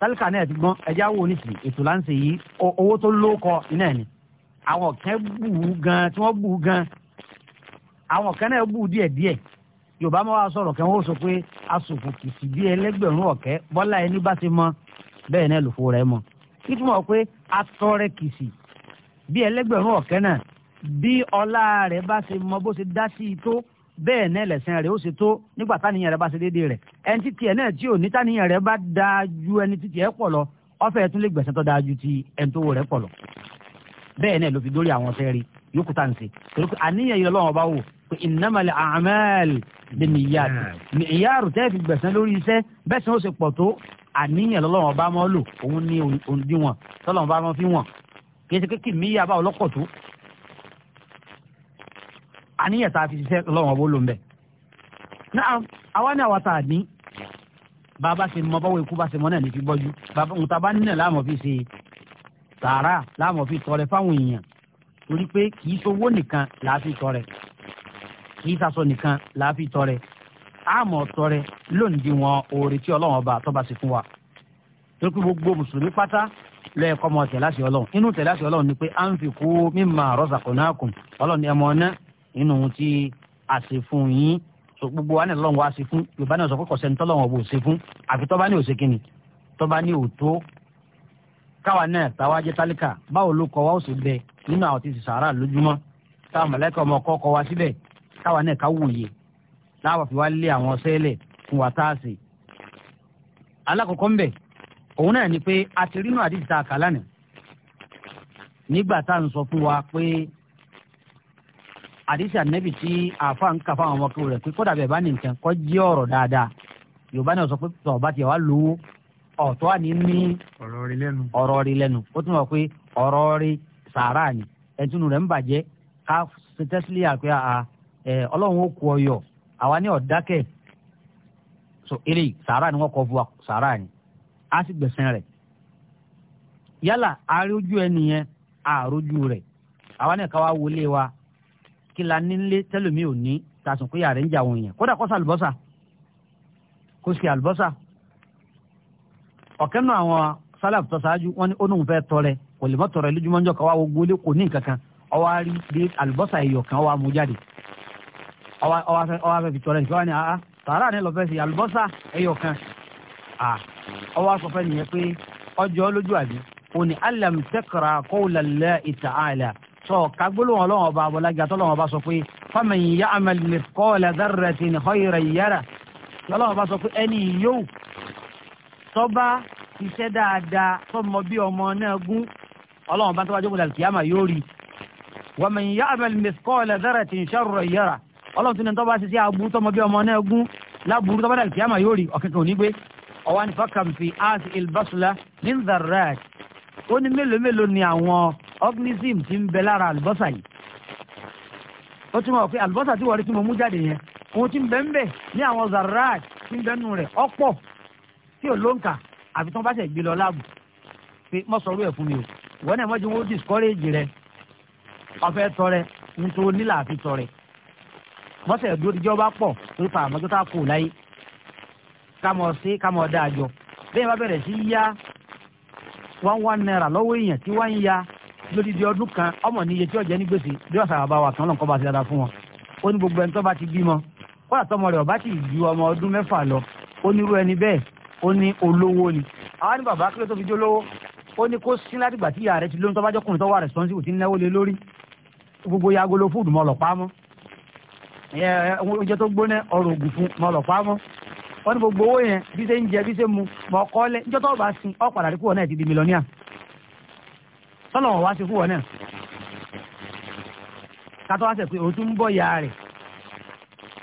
tálíkà náà ti gbọ́n ẹja wo nísìnyí ètò láǹṣẹ yìí owó tó ló kọ iná ni àwọn kan bù ú gan tí wọ́n bù ú gan àwọn kan náà bù ú díẹ̀ díẹ̀ yorùbá máa wá sọ̀rọ̀ kẹ́ wọ́n sọ pé asòfò kìsì bíi ẹlẹ́gbẹ̀rún ọ̀kẹ́ bọ́lá ẹni bá ti mọ bẹ́ẹ̀ náà lòfo rẹ̀ mọ nítumọ̀ pé atọ́rẹ kìsì bíi ẹlẹ́gbẹ̀rún ọ̀kẹ́ náà bí ọlá rẹ̀ bá ti mọ bó ti dá sí i tó bẹ́ẹ̀ náà lẹ̀sìn rẹ̀ ó ṣe tó nígbà táníyàn rẹ̀ bá ṣe déédéé rẹ̀ ẹni tí tiẹ̀ náà tí ò ní táníyàn rẹ̀ bá dáa ju ẹni tí tiẹ̀ pọ̀ lọ ọ̀fẹ́ tún lè gbẹ̀sẹ̀ tó dáa ju ti ẹni tó wò rẹ̀ pọ̀ lọ. bẹ́ẹ̀ náà ló fi dórí àwọn sẹ́ẹ̀rì yòókù tá à ń ṣe torí àníyàn yìí lọ́wọ́ bá wò pé innamal a'mal binniyat ìyáàrú tẹ́ fi gbẹ̀sẹ̀ lórí iṣẹ́ bẹ́sẹ̀ ó ṣe pọ̀ tó àníyàn lọ́wọ́ bá mọ́ lò òun ní òǹdíwọ̀n tọ́lọ́wọ́ bá mọ́ àníyàn tá a fi ṣiṣẹ́ lọ́wọ́ bó ló ń bẹ̀. náà àwa ní àwa tá a ní bàbá ṣe mọ báwo ikú bá ṣe mọ náà ní fi bọ́jú bàbá òǹtà bá nílẹ̀ láàmú fi ṣe tààrà láàmú fi tọrẹ fáwọn èèyàn torí pé kì í ṣowó nìkan là tọrẹ kì í ṣaṣọ nìkan là tọrẹ àmọ́ tọrẹ lóǹdí wọn oore tí ọlọ́run ọba tó bá fún wa torí pé gbogbo mùsùlùmí pátá lẹ́ẹ̀kọ́ mọ tẹ̀láṣẹ ọlọ́run inú tẹ̀láṣẹ ọlọ́run ni pé à ń fi kú mímọ àrọ́sàkọ̀nàkùn ọlọ́run ẹ̀mọ́ náà nínú ohun tí a ṣe fún yín so gbogbo wa ní ọlọ́run wa ṣe fún yorùbá náà sọ pé kọ̀ṣẹ́ ní tọ́lọ́run ọ̀bọ̀ ṣe fún àfi tọ́ba ní òṣè kìnnì tọ́ba ní òtó káwa náà táwa jẹ́ tálíkà báwo ló kọ́ wa ó sì bẹ nínú àwọn tí ti sàárà lójúmọ́ táwọn mọ̀lẹ́kà ọmọ ọkọ kọ wa síbẹ̀ káwa náà ká wòye láwa fi wá lé àwọn sẹ́lẹ̀ fún wa táàsì. alákọ̀ọ́kọ́ ńbẹ̀ òun náà ni pé a ti rínú àdìsí ta àkàlà nì nígbà tá ń sọ fún wa pé àdìsí ànẹ́bì tí àáfà ń kà fáwọn ọmọ kéwòn rẹ̀ pé kódà bẹ́ẹ̀ bá ní nǹkan kọ́ jẹ́ ọ̀rọ̀ dáadáa yorùbá náà sọ pé tọ̀ọ̀bá tiẹ̀ wá ọ̀tọ́ àní ní ọ̀rọ̀ rí lẹ́nu ó tún ni ẹ̀túnú rẹ̀ ń bàjẹ́ ká tẹ́sílì àpé ọlọ́run ó kú ọyọ̀ àwa ní ọ̀dákẹ́ so eré sàárà ni wọ́n kọ́ fún ni kí la nílé tẹ́lómi ò ní tàṣùn pé ń jà wọ̀nyẹn kódà kó sa kó sì àlùbọ́sà ọ̀kẹ́ nù àwọn sálàfù tó ṣáájú wọn ni ó nùn fẹ́ tọrẹ kò lè mọ́ tọrẹ lójúmọ́jọ́ kan wá gbogbo kò ní nǹkan ọwọ́ á bí àlùbọ́sà ẹ̀yọ̀ kan wá mú jáde ọwọ́ á fi tọrẹ nìkan wá ní àá tààrà ni lọ́fẹ́ sí àlùbọ́sà ẹ̀yọ̀ kan ọwọ́ á nìyẹn pé ọjọ́ lójú àbí òní alam tẹ́kara kọ́wùlà lẹ́ ìtàhálà tọ́ kagbólóhùn ọlọ́run ọba abọ́lájà tọ́lọ́run ọba sọ pé faman ya'mal mithqala dharratin khayran yarah tọ́lọ́run ọba sọ pé ẹni yóò tọ́ba iṣẹ́ dáadáa tọ́mọ bí ọmọ náà gún ọlọ́run ọba tọ́ba jókòó làlùkìyàmà yóò rí waman ya'mal mithqala dharratin sharran yarah ọlọ́run tún ní tọ́ba ṣiṣẹ́ aburú tọ́mọ bí ọmọ náà gún láburú tọ́ba làlùkìyàmà yóò rí ọ̀kẹ́kẹ́ òní gbé ọwọ́ ànífọ́kàmfì àti ìlbásùlá ní ń ó ní mélòó mélòó ni àwọn organism ti ń bẹ lára àlùbọ́sà yìí ó ti mọ̀ pé àlùbọ́sà tí wọ́n rí tí mo mú jáde yẹn òun ti ń bẹ ń bẹ ní àwọn zarat ti ń bẹ nù rẹ̀ ọ̀pọ̀ tí ò ló ń kà àfi tí wọ́n bá tẹ̀ gbé lọ láàbù pé mọ́ sọ̀rọ̀ ẹ̀ fún mi o wọ́n náà mọ́jú wọn discourage rẹ ọ̀fẹ́ tọrẹ nítorí onílà àfi tọrẹ mọ́sẹ̀ dúró dijọ́ bá pọ̀ pé pa tá a kò láyé ká sí ká dáa jọ bẹ́ẹ̀ bá bẹ̀rẹ̀ sí yá one one naira lọ́wọ́ èèyàn tí wọ́n ń ya lódìdí ọdún kan ọmọ níye tí ọ̀jẹ́ ní gbèsè bí ọ̀sà bàbá wa tán lọ́nkọ́ bá ti dára fún wọn ó ní gbogbo ẹni tó bá ti bímọ kọ́lá tọmọ rẹ̀ ọ̀bá ti ju ọmọ ọdún mẹ́fà lọ ó ní irú ẹni bẹ́ẹ̀ ó ní olówó ni àwa ní bàbá kíló tó fi jólówó ó ní kó sí láti gbà tí ìyá rẹ̀ ti lóyún tó bá jọkùnrin tó wà responsible ti náwó lé lórí gbogbo yagolo fúdù mọ́ lọ́pàá mọ́ eh, oúnjẹ tó gbóná ọ̀rọ̀ ògùn fún mọ́ lọ́pàá mọ́ wọ́n ní gbogbo owó yẹn bí ṣe ń jẹ bí ṣe mu mọ́ kọ́lé níjọ́ tó bá sin ọ̀ padà kúrò náà ti di mílíọ̀nìyà tọ́lọ̀ wọ́n wá sí fún wọn náà kátó wá pé ya rẹ̀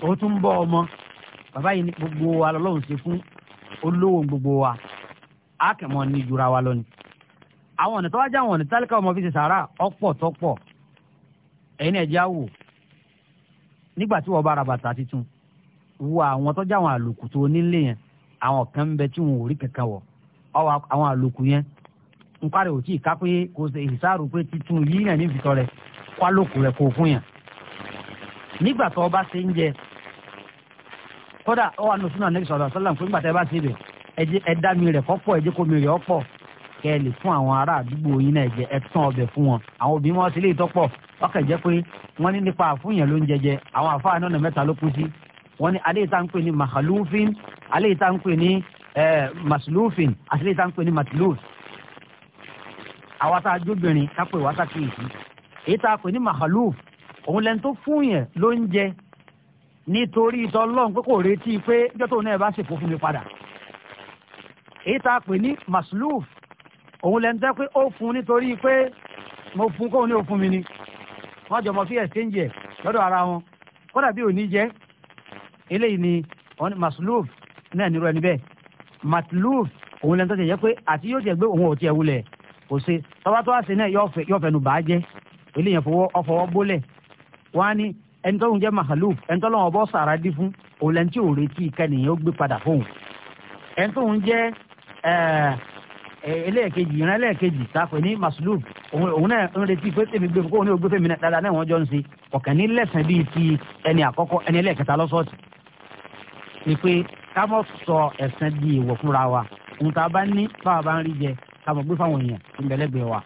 òun ọmọ bàbá yìí ní gbogbo wa lọ́lọ́run ṣe fún olówó gbogbo wa àkẹ́mọ́ ní jura wa ni àwọn ọ̀nà tó wájà àwọn tálíkà ọmọ sàárà ọ̀pọ̀ tọ́pọ̀ ẹ̀yin ẹ̀jẹ̀ á wò nígbà tí wọ́n bá ra bàtà wo àwọn tọ́jà àwọn àlòkù tó nílé yẹn àwọn kan ń bẹ tí wọn ò rí kankan wọ̀ nkwari ò tí ì ká pé kò sí ìsáàrù pé titun yìí náà ní ìfitọ́ rẹ kwalóku rẹ kò fún nígbà tó o bá ṣe ń jẹ kódà ó wà lóṣù náà ní sọ̀rọ̀ sọ́lá fún ìgbà tẹ́ bá ṣe bẹ̀ ẹ dá mi rẹ̀ kọ́pọ̀ ẹ jẹ́ kó mi rẹ̀ ọ̀pọ̀ kẹ́ ẹ lè fún àwọn ará àdúgbò yín náà jẹ ẹ tán ọbẹ̀ fún wọn àwọn òbí wọn sì lè tọ́pọ̀ ọkàn jẹ́ pé wọ́n ní nípa àfúnyàn ló ń jẹjẹ àwọn àfáà náà mẹ́ta ló kú sí wọ́n ní alẹ́ ìta ń pè ní mahalufin alẹ́ ìta ń pè ní maslufin àti alẹ́ ìta ń pè ní matluf àwa tá a jóbìnrin ká pè wá sàkíyèsí èyí tá a pè ní mahaluf òun lẹni tó fún yẹn ló ń jẹ nítorí ìtọ́lọ́n pé kò retí pé ìjọ́ tóun náà bá ṣèpò fún mi padà èyí tá a pè ní masluf òun lẹni tẹ́ pé ó fún nítorí pé mo fún kóun ní òfun mi ni wọ́n jọ mọ fi ẹ̀sìnjì ẹ̀ lọ́dọ̀ ara wọn kódà bí òní jẹ́ eléyìí ni masluf náà nírú ẹni bẹ́ẹ̀ matluf òun lẹni tó ti yẹ pé àti yóò jẹ gbé òun ò tiẹ̀ wulẹ̀ kò ṣe tọ́ba tó wá ṣe náà yóò fẹnu bàá jẹ́ eléyàn fọwọ́ ọfọwọ́ gbólẹ̀ wọ́n á ní ẹni tó ń jẹ́ mahaluf ẹni tó lọ́wọ́ bọ́ sàrà dí fún òlẹ́ntì òretí kẹ́nìyàn ó gbé padà fóun ẹni tó ń jẹ́ ẹlẹ́ẹ̀kejì ìran ẹlẹ́ẹ̀kejì sáfẹ́ ní maslub òun náà ń retí pé tèmi gbé fún kóun ní o gbé fèmí náà dáadáa náà wọ́n jọ kama mọ̀ gbé fáwọn èèyàn tí ń bẹ lẹ́gbẹ̀ẹ́ wa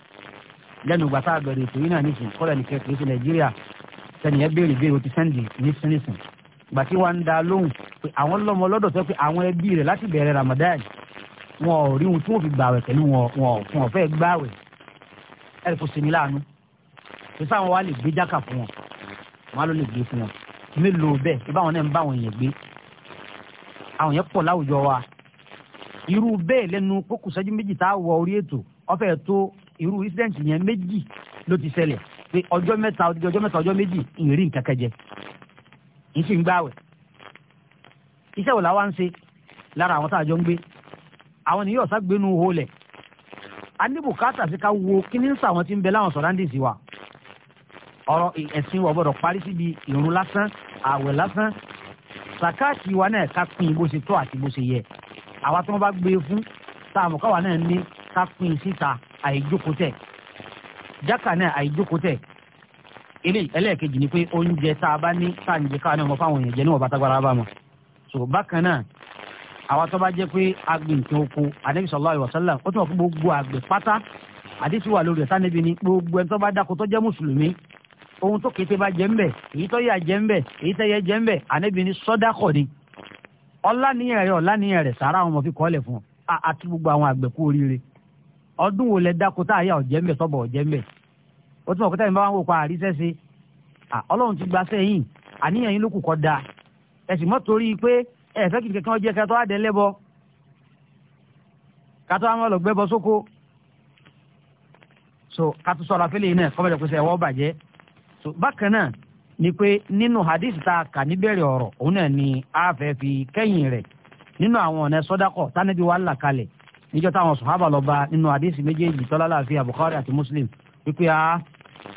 lẹ́nu ìgbà tá a bẹ̀rẹ̀ ètò yìí náà nísìn kọ́lẹ̀ ní kẹ́kẹ́ sí nàìjíríà sẹ́niyẹ́ béèrè béèrè o ti sẹ́ndì nísìnyìsìn ìgbà tí wàá ń da lóhùn pé àwọn lọ́mọ lọ́dọ̀ sọ pé àwọn ẹbí rẹ̀ láti bẹ̀rẹ̀ ramadan wọn ò rí wọn tí wọn fi gbààwẹ̀ pẹ̀lú wọn wọn ò fẹ́ gbààwẹ̀ ẹ̀rì kò sinmi láàánú pé sáwọn wa lè gbé jákà fún wọn wọn á ló lè gbé fún wọn mélòó bẹ́ẹ̀ ibà wọn náà ń bá àwọn èèyàn gbé àwọn yẹn pọ̀ láwùjọ wa irú bẹ́ẹ̀ lẹ́nu kókò sẹ́jú méjì tá a wọ orí ètò ọ̀fẹ́ tó irú incident yẹn méjì ló ti ṣẹlẹ̀ pé ọjọ́ mẹ́ta ọjọ́ mẹ́ta ọjọ́ méjì ìrírí nǹkan kẹjẹ ń ń gbààwẹ̀ iṣẹ́ wò làwọn ń ṣe lára àwọn tá a jọ ń gbé àwọn nìyí ọ̀sá gbénu hó lẹ̀ a ní bùkátà sí ká wo kí ní sàwọn tí ń bẹ láwọn surroundings wa ọ̀rọ̀ ẹ̀sìn wa gbọ́dọ̀ parí síbi ìrun lásán ààwẹ̀ lásán sàkáàtì wa náà ká pín bó ṣe tó àti bó ṣe yẹ àwa tí wọ́n bá gbé e fún tá a mọ̀ káwa náà ní ká pín in síta àìjókòó tẹ̀ jákà náà àìjókòó tẹ̀ eléyìí ẹlẹ́ẹ̀kejì ni pé oúnjẹ tá a bá ní tá à ń jẹ káwa náà mọ̀ fáwọn èèyàn jẹ níwọ̀n bá tágbára bá mọ̀ so bákan náà àwa tó bá jẹ́ pé agbìn nǹkan oko anabi sallallahu alaihi wasallam ó tún wà fún gbogbo àgbẹ̀ pátá àdìsí wà lórí ẹ̀sán níbi ni gbogbo ẹni tó bá dáko tó jẹ́ mùsùlùmí ohun tó kété bá jẹ́ ń bẹ̀ èyí tó yà jẹ́ ń bẹ̀ èyí tó yẹ jẹ́ ń bẹ̀ ànábì ni sọ́dákọ̀ ni ọ̀làníyàn rẹ̀ ọ̀làníyàn rẹ̀ sàrà àwọn ọmọ fi kọ́lẹ̀ fún a àti gbogbo àwọn àgbẹ̀ kú oríire ọdún wo lẹ dáko tá àyà ọ̀jẹ́ mbẹ̀ sọ́bọ̀ ọ̀jẹ́ mbẹ̀ ó tún ọ̀kẹ́tà ìbáwá ń wò pa àríṣẹ́ à ọlọ́run ti gba sẹ́yìn àníyàn yín ló kù kọ́ da ẹ̀sìn mọ́ torí pé ẹ̀fẹ́ kìkì kankan jẹ́ kẹtọ́ àdẹ lẹ́bọ kátó àwọn ọlọ́gbẹ́ bọ sóko so kátó ni pé nínú hadith tá a kà níbẹ̀rẹ̀ ọ̀rọ̀ òun náà ni a fẹ́ fi kẹ́yìn rẹ̀ nínú àwọn ọ̀nà sọ́dákọ̀ tánàbí wà là kalẹ̀ níjọ́ táwọn sọ̀hábà lọ́ba nínú hadith méjèèjì tọ́lá láàfin Bukhari àti Muslim wípé a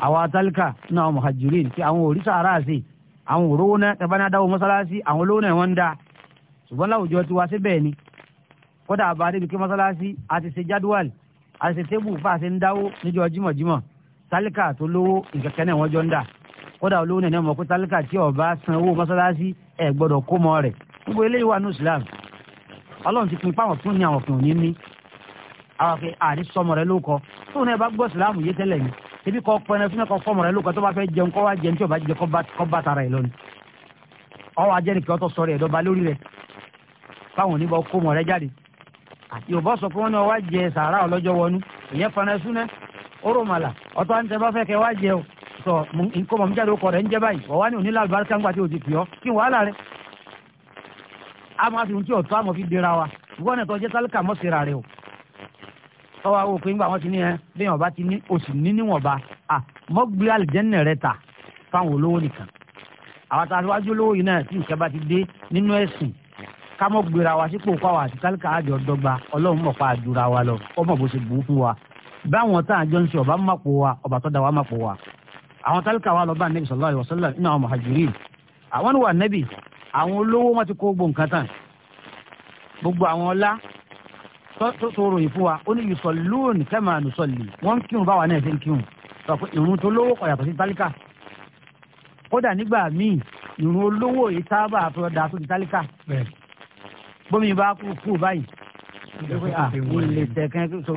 àwọn atálíkà nínú àwọn muhajirin tí àwọn òrìṣà aráàsì àwọn òrówó náà tẹ́fà ní adáwó mọ́sálásí àwọn olówó náà wọ́n ń ṣùgbọ́n láwùjọ ti wá síbẹ̀ ni kódà àbá débi kí mọ́sálásí àti ṣe jadwal àti ṣe tébù fáṣe ń dáwó níjọ́ kódà olówó náà ní ọmọ kúta líkà tí ọba san owó mọ́sálásí ẹ̀ gbọ́dọ̀ kó mọ́ rẹ̀ gbogbo eléyìí wà ní islam ọlọ́run ti pin páwọn fún ní àwọn fún òní ní àwọn akẹ́ àní sọmọ rẹ lóko tóun náà bá gbọ́ islam yé tẹ́lẹ̀ ni ebi kọ́ pẹ́ẹ́nẹ́ fún ẹ̀kọ́ fọmọ rẹ lóko tó bá fẹ́ jẹun kọ́ wá jẹun tí ọba jẹ kọ́ bá tara ẹ̀ lónìí ọwọ́ ajẹ́nìkẹ́ ọtọ́ sọ ẹ̀dọ́ba lórí rẹ sọ nǹkan mọ̀ mi jáde ọkọ rẹ̀ ń jẹ́ báyìí ọ̀wá ni òní lálùbáríkà ń gbà tí o ti pè ọ́ kí wàhálà rẹ̀ a máa fi ohun tí ọ̀tọ́ àmọ́ fi dira wa ìwọ náà tó jẹ́ sálíkà mọ́ síra rẹ̀ o tọ́wọ́ àwọn òpin gbà wọ́n ti ní ẹ bẹ́ẹ̀ ọba ti ní oṣù ní níwọ̀nba à mọ́ gbé àlìjẹ́nì rẹ̀ ta fáwọn olówó nìkan àwọn tá a wájú olówó yìí náà tí ìṣẹ́ bá ti dé nínú ẹ̀sìn ká mọ́ gbéra wa sípò fáwọn àti sálíkà àjọ dọ́gba ọlọ́run mọ̀ pa àjùra wa lọ ọmọ bó ṣe bù ú fún wa báwọn tá àjọ ń ṣe ọba mọ̀ pò wa ọba tó da wa mọ̀ wa àwọn tálíkà wa lọ bá nẹ́bí sallallahu alaihi wasallam nínú àwọn muhajirin àwọn wà nẹ́bí àwọn olówó wọn ti kó gbogbo nǹkan tán gbogbo àwọn ọlá tó tó ròyìn fún wa ó ní yusọlúùn kama nùsọlì wọn kírun báwa náà ṣe ń kírun sọ pé ìrun tó lówó kò yàtọ̀ sí tálíkà kódà nígbà míì ìrun olówó yìí sábà fẹ́ da sóti tálíkà bómi bá kú kú báyìí ilé ah, tẹ̀kẹ́ so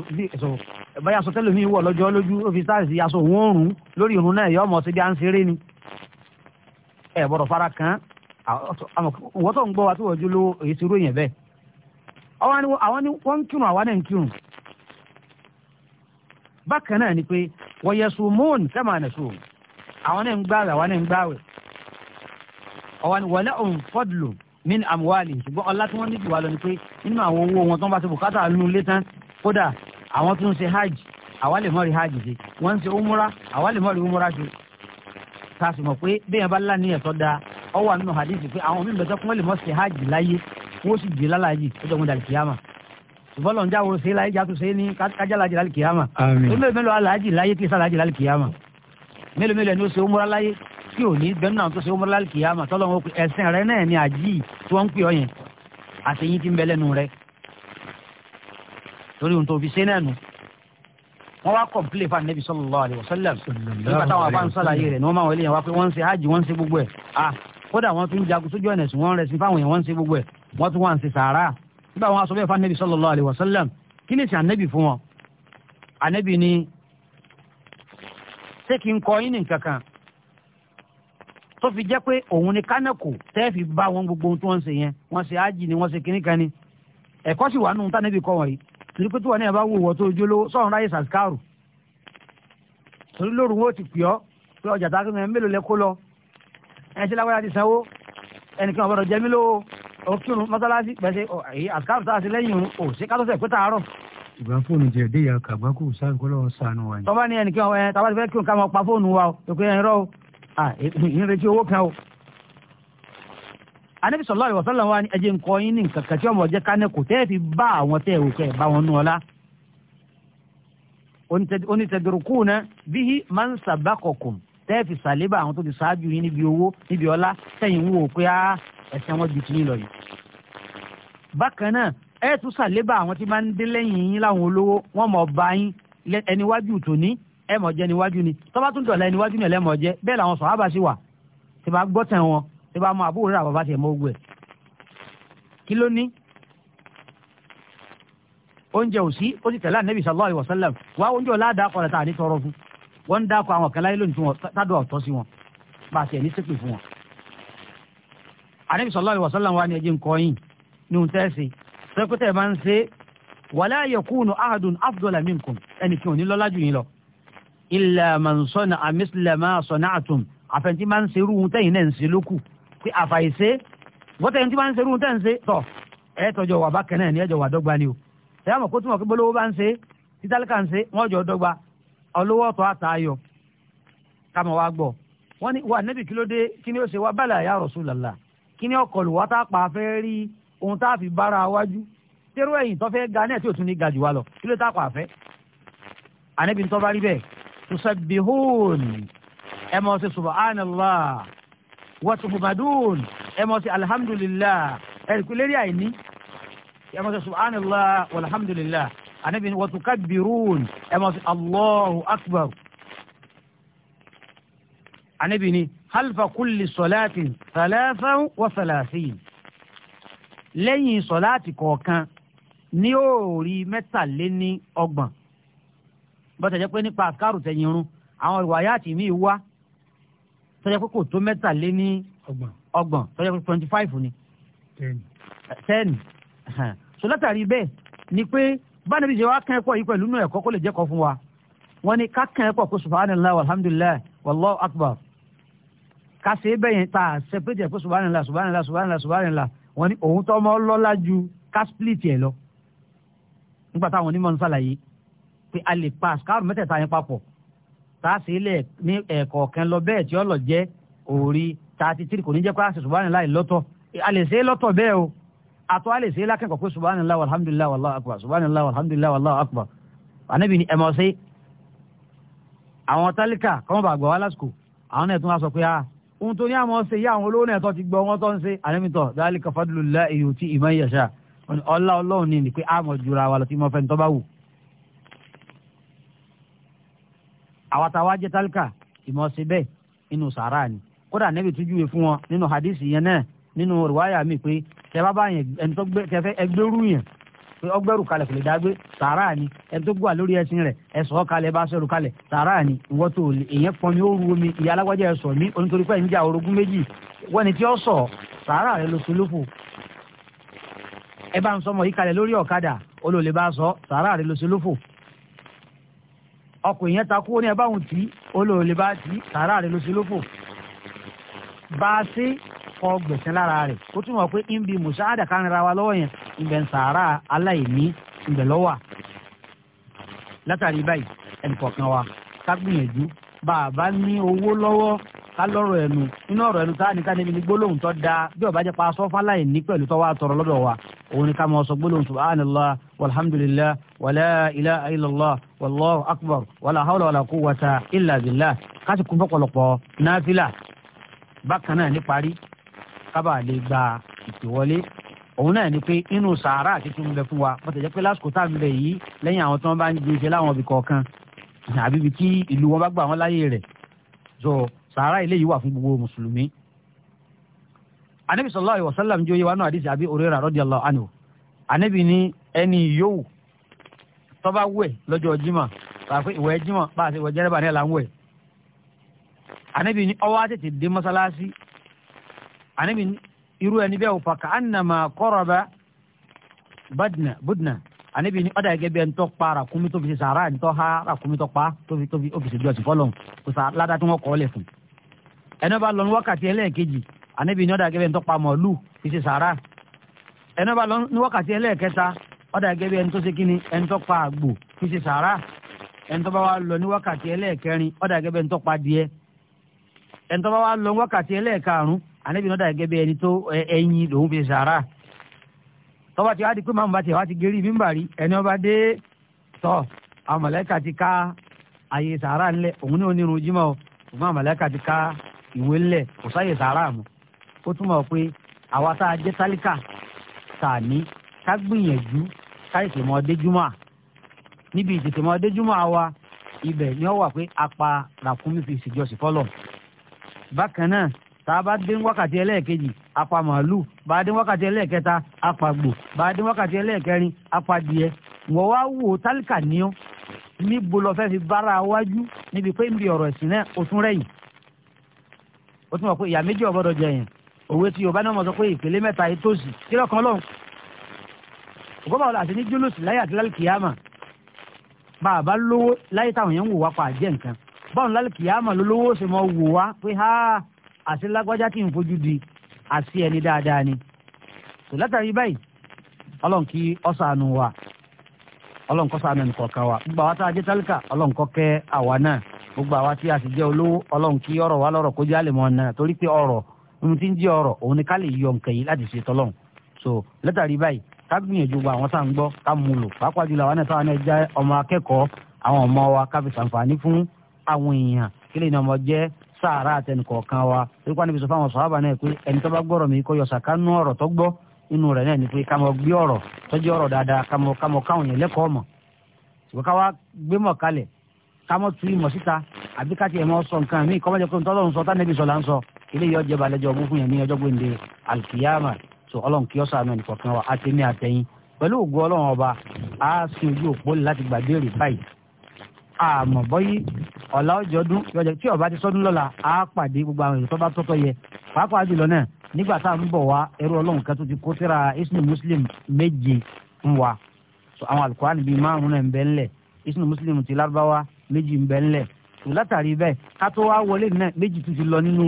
báyà sọ tẹ́lẹ̀ mi wọ̀ lọ́jọ́ lójú ó fi sáàsì aṣọ òun òórùn lórí ìrún náà yọ̀ọ́ mọ̀ sí bí à ń ṣeré ni ẹ̀ bọ̀dọ̀ fara kan wọ́n tó ń gbọ́ wa tó wọ́jú lówó èyí ti ròyìn bẹ́ẹ̀ àwọn ni wọ́n ń kírun àwa náà ń kírun bákan náà ni pé wọ́n yẹ sùmóòn kẹ́mà náà sùn àwọn náà ń gbààwẹ̀ àwọn náà ń gbààwẹ̀ ọ̀wọ́n ni wọ́n òun fọ́dùlù min àmúwálì ṣùgbọ́n ọlá tí wọ́n ní jù wá nínú àwọn owó wọn tó ń bá ti bùkátà nínú ilé tán kódà àwọn tó ń ṣe hajj àwa lè mọ̀rí hajj ṣe wọ́n ń ṣe umura àwa lè mọ̀rí umura ṣe tá a sì mọ̀ pé bẹ́ẹ̀ bá lá ní ẹ̀tọ́ da ọ wà nínú hadith pé àwọn mímu bẹ́tẹ́ kún lè mọ̀ ṣe hajj láyé wọ́n sì jẹ́ lálàyé ó jẹ́ wọn dàlí kìyàmà ṣùgbọ́n lọ́njà wo ṣe láyé jàtú ṣe ní kájà lájì kìyàmà umura láyé kí ò ní bẹ́ẹ̀ náà tó umura lálẹ́ kìyàmà tọ́lọ́wọ́n ẹ̀sìn rẹ ni àjí tí wọ́n àṣeyín ti ń bẹ lẹ́nu rẹ torí ohun tó fi ṣe náà nù wọ́n wá kọ̀m̀pilẹ̀ fún anabi sallallahu alaihi wasallam nígbà táwọn afáàn sàlàyé rẹ̀ ni wọ́n máa wọlé yẹn wá pé wọ́n ń ṣe hajj wọ́n ń ṣe gbogbo ẹ̀ à ah, kódà wọ́n tún jagun sójú ọ̀nà ẹ̀sìn wọ́n ń rẹ̀sìn fáwọn yẹn wọ́n ń ṣe gbogbo ẹ̀ wọ́n tún wà ń ṣe sàárà nígbà wọn aṣọ bẹ́ẹ̀ fún anabi sallallahu alaihi wasallam kí ni sàn anabi fún wọn anabi ni ṣé kí n kọ́ yín ní nǹkan kan tó fi jẹ́ pé òun ni kánẹ́kù tẹ́ fi bá wọn gbogbo ohun tí ń ṣe yẹn wọ́n ṣe ájì ni wọ́n ṣe kínní kan ni ẹ̀kọ́ sì wà nù tá níbi kọ́ wọ̀nyí torí pé tí wọ́n ní ẹ̀ bá wò wọ́ tó ojú lówó sọ̀rọ̀ ráyè sàskáàrù torí lóru wo ti pè ọ́ pé ọjà tá a kẹ́kẹ́ mélòó lẹ kó lọ ẹni tí lágbára ti sanwó ẹnìkan ọ̀bọ̀dọ̀ jẹ́ mí lówó òkúrun mọ́sálásí pẹ̀sẹ̀ àsìkáàrù tá a ṣe lẹ́yìn òun ò sí kátó ìgbà fóònù jẹ déyà kàgbákò sáńkọlọ sànù wa. tọ́ba ni ẹnìkan ẹ tàbá fẹ́ kí òun ká máa pa fóònù wa o èkó yẹn o ìyẹn ah, eh, eh, eh, retí owó kan o. anabi sallallahu alaihi wasallam wa ni ẹjẹ nǹkan yín ní nǹkan kan tí ọmọ ọjẹ kánẹ kò tẹ́ fi bá àwọn tẹ́ ẹ̀rù kẹ́ bá wọn nù ọlá. onítẹ̀dùrùkù náà bíi máa ń sàbákọ̀kùn tẹ́ fi sàlébà àwọn tó ti ṣáájú yín níbi owó níbi ọlá sẹ́yìn ń wò pé á ẹ̀sẹ̀ wọn ju tiyín lọ yìí. bákan náà ẹ tún sàlébà àwọn tí máa ń dé lẹ́yìn yín láwọn olówó wọ́n mọ̀ ọba yín ẹniwájú tòní ẹ mọ̀ jẹ́ níwájú ni tọ́ba tún dọ̀la níwájú ni ẹlẹ́mọ̀ jẹ́ bẹ́ẹ̀ làwọn sàhábà sì wà tí bá gbọ́ tẹ̀ wọn tí bá mọ àbúrò rà bàbá tiẹ̀ mọ́ ogun ẹ̀ kí ló ní oúnjẹ ò sí ó sì tẹ̀lé ànábì sallallahu alaihi wasallam wá oúnjẹ ò ládàá kọ̀ lẹ́ta àní tọrọ fún wọ́n ń dákọ̀ àwọn kẹlá ilé nìtún tádùn ọ̀tọ́ sí wọn bá a sì ẹ̀ní sépè fún wọn. ànábì sallallahu alaihi illa mansona sana'a misla ma sana'tum àfẹ̀ntí máa ń ṣerú ohun tẹ́yìn náà ń ṣe lókù pé àfàìṣe wọ́tẹ̀yìn tí máa ń ṣerú ohun tẹ́yìn ṣe tọ̀ ẹ tọjọ wà bákan náà ní ẹjọ wà dọ́gba ni o ṣé àmọ́ kó túmọ̀ pé bólówó bá ń ṣe títàlíkà ń ṣe wọ́n jọ dọ́gba olówó ọ̀tọ̀ àtàyọ̀ kàmọ̀ wá gbọ́ wọ́n ní wà nẹ́bì kí ló dé kí ni ó ṣe wá bala ya Rasulullah kí ni ọkọ̀ lù wá tá a pa fẹ́ rí ohun tá a fi bára wájú tẹ́rù ẹ̀yìn tusabbihun ẹ máa ṣe subhanallah wa tuhmadun ẹ máa ṣe alhamdulillah ẹ̀rìkú lérí àìní ẹ máa ṣe subhanallah walhamdulillah anabi wa tukabbirun ẹ máa ṣe allahu akbar anabi ni halfa kulli solatin salasan wa salasin lẹ́yìn sọláàtì kọ̀ọ̀kan ní òòrí mẹ́tàléní ọgbọ̀n bọ́tẹ̀ jẹ́ pé nípa àfikàrù tẹ̀yìn irun àwọn ìwàyàtì mi wá tọ́jà pé kò tó mẹ́tàlé ní ọgbọ̀n tọ́jà pé twenty five ni ten so látàrí bẹ́ẹ̀ ni pé bánibí ṣe wá kàn ẹ́kọ́ yìí pẹ̀lú inú ẹ̀kọ́ kó lè jẹ́kọ̀ọ́ fún wa wọ́n ní ká kàn ẹ́kọ́ kó subhanallah walhamdulillah wallahu akbar ká ṣe é bẹ́yẹn tá a ṣe pé tẹ̀ pé subhanallah subhanallah subhanallah subhanallah wọ́n ní òun tọ́ ọmọ ọlọ́lá ju ká split ẹ̀ lọ nígbà táwọn onímọ̀ ń pé a lè pa àṣkárù mẹ́tẹ̀ẹ̀ta yẹn papọ̀ tá a sì lẹ̀ ní ẹ̀ẹ̀kọ̀ọ̀kan lọ bẹ́ẹ̀ tí ó lọ jẹ́ òòrí thirty three kò ní jẹ́ pé a sì subhanallahi lọ́tọ̀ a lè ṣe é lọ́tọ̀ bẹ́ẹ̀ o àtọ́ a lè ṣe é lákẹ́kọ̀ọ́ pé subhanallahi walhamdulillahi wallahu akbar subhanallahi walhamdulillahi wallahu akbar ànábì ni ẹ̀mọ́ sí ah, àwọn ṣe yá àwọn olówó náà tó ti gbọ́ wọn tó ń ṣe ànábì tọ̀ dhalika fadlullahi yu'tihi man yasha ọlá ọlọ́run ni pé àmọ̀ jura wa lọ sí mọ́fẹ́ni tó bá wù àwọn táwa jẹ́ tálíkà ìmọ̀ sí bẹ́ẹ̀ inú sàárà ni kódà nẹ́bí tújú yẹ fún wọn nínú hadisi yẹn náà nínú rìwáyà mi pé tẹ bá bá yẹn ẹni tó gbé tẹfẹ ẹgbẹrú yẹn pé ọgbẹrù kalẹ̀ kò lè dá gbé sàárà ni ẹni tó gbà lórí ẹṣin rẹ̀ ẹsọ kalẹ̀ bá sọ̀rọ̀ kalẹ̀ sàárà ni ìwọ tó lè èyàn pọn mi ó ru omi ìyá alágbájá ẹsọ mi onítorí pé ìjà orogún méjì wọn ni tí ó sọ sàárà rẹ̀ ló solófò ẹ bá ń sọmọ yìí kalẹ̀ lórí ọ̀kadà olólè bá sọ sàárà rẹ̀ ló solófò ọkùnrin yẹn takú ó ní ẹ báwọn tì í olóòlè bá tì í sàárà rẹ ló ṣe lófò bá a ṣe kọ gbèsè lára rẹ ó tún wà pé ń bi mùsáàdà kan ra wa lọ́wọ́ yẹn ìbẹ̀ ń sàárà aláìní ìbẹ̀ lọ́wọ́ látàrí báyìí ẹnìkọ̀ọ̀kan wa ká gbìyànjú bá a bá ní owó lọ́wọ́ ká lọ́rọ̀ ẹnu nínú ọ̀rọ̀ ẹnu táà ní ká gbólóhùn tó dáa bí ọba jẹ́ pa aṣọ fáláì pẹ̀lú tó wà lọ́dọ̀ wa òun ni ká máa sọ gbólóhùn subhanallah walhamdulillah wala ilaha illallah wallahu akbar wala hawla wala quwwata illa billah káṣí kún fọ́pọ̀lọpọ̀ náfìlà bákan náà ní parí kábàá lè gba ìpèwọlé òun náà ni pé inú sàárà àti tún bẹ fún wa bó ti jẹ́ pé lásìkò tá à ń bẹ yìí lẹ́yìn àwọn tí wọ́n bá ń gbé iṣẹ́ láwọn ibì kọ̀ọ̀kan àbí ibi tí ìlú wọn bá gbà wọ́n láyè rẹ̀ so sàárà eléyìí wà fún gbogbo mùsùlùmí. anabi sallallahu alaihi wasallam jẹ́ oyè wa náà àdìsí àbí òrèrà radiyallahu anhu anabi ní ẹni yòówù tọ́ba wẹ̀ lọ́jọ́ jimá pàṣẹ ìwẹ̀ jimá pàṣẹ ìwẹ̀ jẹ́rẹ́bà ní ẹ̀ là ń wẹ̀. ànábì ní ọwọ́ àtètè dé mọ́sálásí ànábì irú ẹni bẹ́ẹ̀ òfà ká ànàmà kọ́rọ̀bà badna budna ànábì ní ọ̀dà gẹ́gẹ́ bí ẹni tó pa ràkúnmí tó fi ṣe sàárà ẹni tó ha ràkúnmí tó pa tó fi tó fi òfìsè jọ sí fọlọ́n kò sà ládàá tí wọ́n kọ́ lẹ̀ fún. ẹni bá lọ ní wákàtí ẹlẹ́ẹ̀kejì ànábì ní ọ̀dà gẹ́gẹ́ bí ẹni pa màálù fi ṣe sàárà ẹni bá lọ wákàtí ẹlẹ́ẹ̀kẹta ọ̀dà gẹ́gẹ́ bí ẹni tó ṣe kíni ẹni tó pa àgbò fi ṣe sàárà ẹni tó bá wa lọ ní wákàtí ẹlẹ́ẹ̀kẹrin ọ̀dà gẹ́gẹ́ bí ẹni tó pa díẹ̀ ẹni tó bá wa lọ ní wákàtí ẹlẹ́ẹ̀karùn ànábì gẹ́gẹ́ bí ẹni tó ẹyin lòún fi sàárà di pé wá ti mímbàrí ẹni ọba dé tọ́ ti ká àyè sàárà ńlẹ̀ òun ní onírun ṣùgbọ́n táìsì mọ́ déjúmọ́ níbi ìtètè mọ́ déjúmọ́ wa ibẹ̀ ni ọ wà pé apá làkúnmí fi fọlọ̀ bákan náà tá a bá dé wákàtí ẹlẹ́ẹ̀kejì apá màálù bá a wákàtí ẹlẹ́ẹ̀kẹta gbò bá a dé wákàtí ẹlẹ́ẹ̀kẹrin apá wọ́n wá wò tálíkà níbo lọ fẹ́ wájú níbi pé ń bi ọ̀rọ̀ ẹ̀sìn náà o tún o ṣùgbọ́n báwo la ṣe ní jólóòsì láyé àti lálùkìyàmà bá a bá lówó láyé táwọn yẹn ń wò wá pa àjẹ́ nǹkan báwo lálùkìyàmà ló lówó ṣe mọ wò wá pé ha àti lágbájá kì í fojú di àti ẹni dáadáa ni tó látàrí báyìí ọlọ́run kí ọ̀sánù wa ọlọ́run kọ́ ṣàánú ẹnìkọ̀ọ̀kan wa gbogbo àwa tá a jẹ́ tálíkà ọlọ́run kó kẹ́ àwa náà gbogbo àwa tí a sì jẹ́ olówó ọlọ́run kí ọ̀rọ̀ wa lọ́rọ̀ kó jẹ́ mọ́ náà torí pé ọ̀rọ̀ ohun tí ń jẹ́ ọ̀rọ̀ òun ni ká lè yọ nǹkan yìí láti ṣe tọ́lọ́run so látàrí báyìí ká gbìyànjú gba àwọn tá à ń gbọ́ ká mú lò pàápàá jùlọ àwọn náà táwọn náà jẹ́ ọmọ akẹ́kọ̀ọ́ àwọn ọmọ wa ká fi ṣàǹfààní fún àwọn èèyàn kí lè ní ọmọ jẹ́ sàárà àtẹnukọ̀ọ̀kan wa wípé wọn níbi sọ fáwọn náà pé ẹni tó bá gbọ́rọ̀ mi kó yọ sàkánú ọ̀rọ̀ tó gbọ́ inú rẹ̀ náà ni pé ká mọ gbé ọ̀rọ̀ tó jẹ́ ọ̀rọ̀ dáadáa ká mọ ká mọ káwọn yẹn lẹ́kọ̀ọ́ mọ̀ ṣùgbọ́n ká wá gbé mọ̀ kalẹ̀ ká mọ̀ tú ìmọ̀ síta àbí so ọlọ́run kí ọ̀sán àmì ẹnìkọ̀kan wa àti ní àtẹ̀yìn pẹ̀lú ògo ọlọ́run ọba a sin ojú òpó láti gbàdéèrè báyìí àmọ́ bọ́yì ọ̀la ọjọ́ dún yọjọ tí ọba ti sọdún lọ́la á pàdé gbogbo àwọn èèyàn tó bá tọ́tọ́ yẹ pàápàá jùlọ náà nígbà tá à ń bọ̀ wá ẹrú ọlọ́run kan ti kó síra isnu muslim méje ń wa àwọn alukurani bíi márùn náà ń bẹ ńlẹ̀ isnu muslim ti lárúbáwá méjì ń bẹ ńlẹ̀ tó látàrí bẹ́ẹ̀ ká tó wá wọlé náà méjì tó ti lọ nínú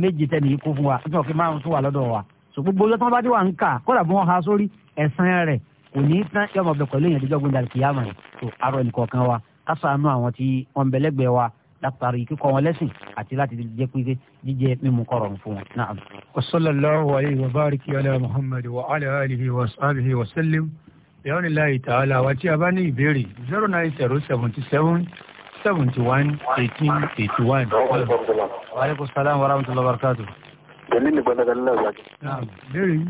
méje tẹ̀ nìyí kó fún wa nítorí márùn tó wà lọ́dọ̀ wa so gbogbo ọjọ́ tí wọ́n bá dé wà ń kà kódà bí wọ́n ha sórí ẹ̀san rẹ̀ kò ní tán yọmọ bẹ pẹ̀lú èèyàn díjọ́ gbọ́dọ̀ kìyàmà yìí so arọ ẹnìkọ̀ọ̀kan wa ká ṣàánú àwọn tí wọ́n bẹ̀lẹ́gbẹ̀ẹ́ wa látàrí kíkọ́ wọn lẹ́sìn àti láti jẹ́ pé jíjẹ mímu kọ̀rọ̀ fún wọn náà. wa sallallahu alayhi wa bariki ala muhammad wa ala alihi wa sahbihi wa sallim yaani láì tààlà wa tí a bá ní ìbéèrè zero nine zero seventy seven seventy one eighteen eighty one. wa aleykum salaam wa rahmatullahi wa barakatuh tẹ̀lé nìkan dandan nínú àgbàdo.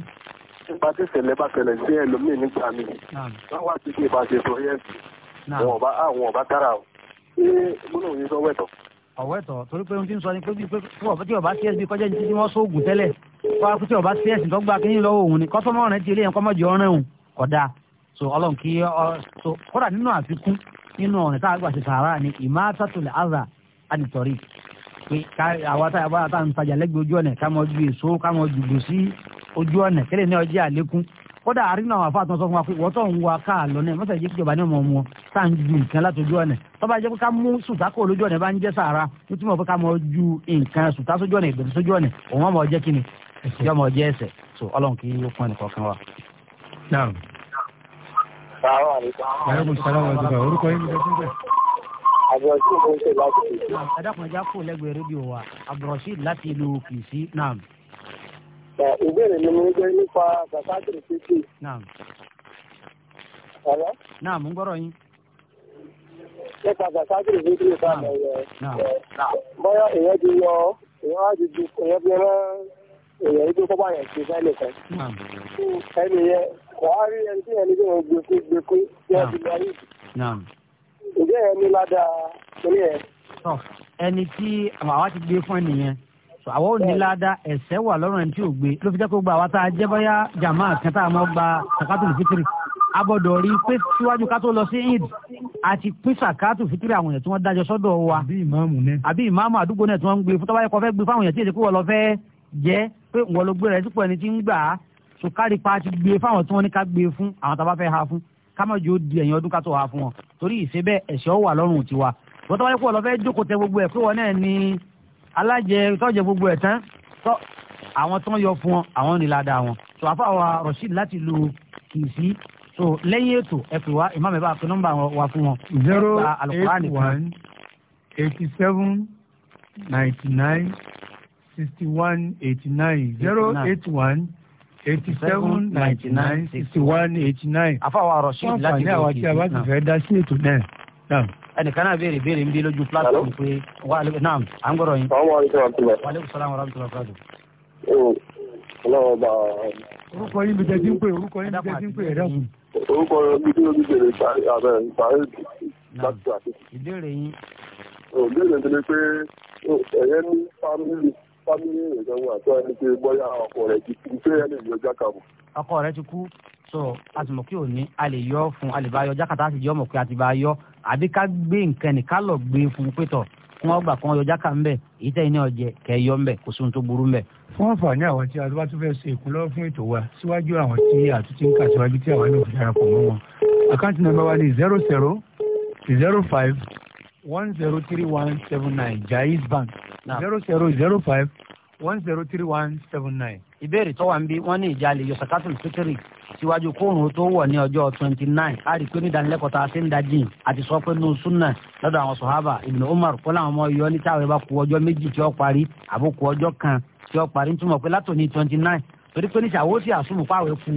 nípa tí ìṣẹ̀lẹ̀ bá ṣẹlẹ̀ sí ẹlòmíì nígbà mi wọ́n wá sí kí ìbáṣe tó yẹ sí wọn ọba ah, àwọn ọba kára o ṣé gbọ́dọ̀ yìí sọ wẹ̀tọ̀. ọ̀wẹ́tọ̀ torí pé ohun tí ń sọ ni pé bí pé tí ọba tí ẹsìn kọjá títí wọn sóògùn tẹ́lẹ̀ wọ́n á pé tí ọba tí ẹsìn tó gba kínní lọ́wọ́ òun ni kọ́sọ́mọ́ rẹ̀ ti eléyàn kọ́mọ́jọ ọ̀rẹ́ òun kódà so ọlọ́run kí ọ so kódà nínú àfikún nínú ọ̀nà tá a gbà ṣe sàárà ni ìmáàtàtúlẹ̀ àzà àdìtọ̀rí àwa tá àwa tá à ń tajà lẹ́gbẹ̀ẹ́ ojú ọ̀nà ká mọ ju èso ká mọ jùlọ sí ojú ọ̀nà kẹlẹ́ ní ọjọ́ àlékún kódà àrínà àwọn afáàtàn sọ fún wa pé wọ́n tó ń wa káà lọ náà mọ́tò ìjẹ́kíjọba ní ọmọ wọn tá à ń ju nǹkan láti ojú ọ̀nà tó bá jẹ́ pé ká mú sùtákò lójú ọ̀nà bá ń jẹ́ sàárà nítorí mọ̀ pé ká mọ ju nǹkan sùtá sójú ọ̀nà ìgbẹ̀rù sójú ọ̀nà òun ọmọ ọjẹ́ kíni yọmọ ọjẹ́ ẹsẹ̀ so ọlọ́run kì í yóò fún ẹnìkan kan wa. Naam. Assalamu alaikum. Wa abdulrasheed ló ń pè láti kìsì. ẹ dákun ẹja kò lẹ́gbẹ̀ẹ́ rédíò wa abdulrasheed láti ìlú kìsì náà. ìbéèrè mi ni jẹ́ nípa zakatiri títì. ọ̀rọ̀. náà mú gbọ́rọ̀ yín. nípa zakatiri títì ìfàmì ẹ̀yẹ bóyá èèyàn ti yọ èèyàn á ti di èèyàn fi rán èèyàn ibi kọ́bà yẹn ti fẹ́ nìkan. ẹnì yẹn wàá rí ẹni tí ẹni tí wọ́n gbé kú gbé kú tí wọ́n ti lọ rí ǹjẹ́ ẹ ní ládàá torí ẹ. ẹni tí àwa ti gbé fún ẹnìyẹn àwa ò ní ládàá ẹ̀sẹ̀ wà lọ́rùn ẹni tí ò gbé ló fi jẹ́ kó gba àwa tá a jẹ́ bóyá jàmáà kẹta àmọ́ gba sàkátù fitiri agbọ́dọ̀ rí pé síwájú ká tó lọ sí eid àti pín sàkátù fitiri àwọn èèyàn tí wọ́n dájọ́ sọ́dọ̀ wa àbí ìmáàmù àdúgbò náà tí wọ́n ń gbé fún tọ́wáyé kọ́ fẹ́ gbé fáwọn èèyàn tí èdè kó wọ́n lọ fẹ́ jẹ́ pé wọ́n ló gbé rẹ̀ sípò ẹni tí ń gbà á sùkárì pa ti gbé fáwọn tí wọ́n ní ká gbé fún àwọn tá a bá fẹ́ ha fún kámọ́jú ó di ẹ̀yìn ọdún ká tó wá fún wọn torí ìṣe bẹ́ẹ̀ ẹ̀ṣẹ̀ wà lọ́rùn tiwa bó tọ́wọ́ pọ̀ lọ́fẹ́ jókòó tẹ gbogbo ẹ̀ pé wọn náà ni alájẹ tọ́jẹ gbogbo ẹ̀ tán tọ́ àwọn tán yọ fún wọn àwọn ní ládàá wọn tó àfa wa Rasheed láti lu kìsì so lẹ́yìn ètò ẹ pè wá ìmáàmù ẹ̀ bá nọ́mbà wa fún wọn. zero eight one eighty seven ninety nine sixty one eighty nine zero eight one eighty seven ninety nine sixty one eighty nine. àfàwọn àròsí láti lókè náà. wọ́n fà ní àwọn tí a bá ti fẹ́ dá sí ètò náà. ẹnìkan náà béèrè béèrè ń bí lójú platform pé wà á naam à ń gbọ́dọ̀ yín. wàlẹ́kùn sálám wa rahmatulah fàdù. ọlọ́wọ́ bá a. orúkọ yín mi jẹ́ tí ń pè orúkọ yín mi jẹ́ tí ń pè ẹ̀dá kù. orúkọ mi tí omi bèrè abẹ sahel láti àti. ìbéèrè yín. Oh, ìbéèrè mi pé oh, ẹ̀yẹ́ ní fámìlì fámìlì rẹ̀ gan tó ẹni pé bóyá ọkọ rẹ̀ ti kú pé ẹni yọ jákà mọ́. ọkọ rẹ̀ ti kú so a sì mọ̀ pé òní a lè yọ fún a lè bá yọ jákàtà sì yọ mọ̀ pé a ti bá yọ àbí ká gbé nǹkan nìkan lọ gbé fún pétọ̀ kún ọgbà kan yọjá kan bẹ èyí tẹ iná ọjẹ kẹyọ ńbẹ kò sóhun tó burú ńbẹ. fún àǹfààní àwọn tí adúbá tún fẹ́ ṣe ìkúnlọ́wọ́ fún ètò wa síwájú àwọn tí àtúntí ń kà síwájú tí àwọn náà fi darapọ̀ mọ́ wọn àkáǹtì nọ́mbà wa ni zero zero zero five one zero three one seven nine jaiz bank zero zero zero five one zero three one seven nine. ìbéèrè tó wà ń bí wọ́n ní ìjàlè yọ sàkátùl fitiri síwájú kóòrùn tó wọ̀ ní ọjọ́ twenty nine a rí i pé ní ìdánilẹ́kọ̀ọ́ tá a ti ń da jìn àti sọ pé nù súnà lọ́dọ̀ àwọn sọ̀hábà Ibn Umar kó làwọn ọmọ yọ ní táwọn bá ku ọjọ́ méjì tí ó parí àbókù ọjọ́ kan tí ó parí túmọ̀ pé látòní twenty nine torí pé níṣà owó sì àsùnmù fáwọn ẹ̀kú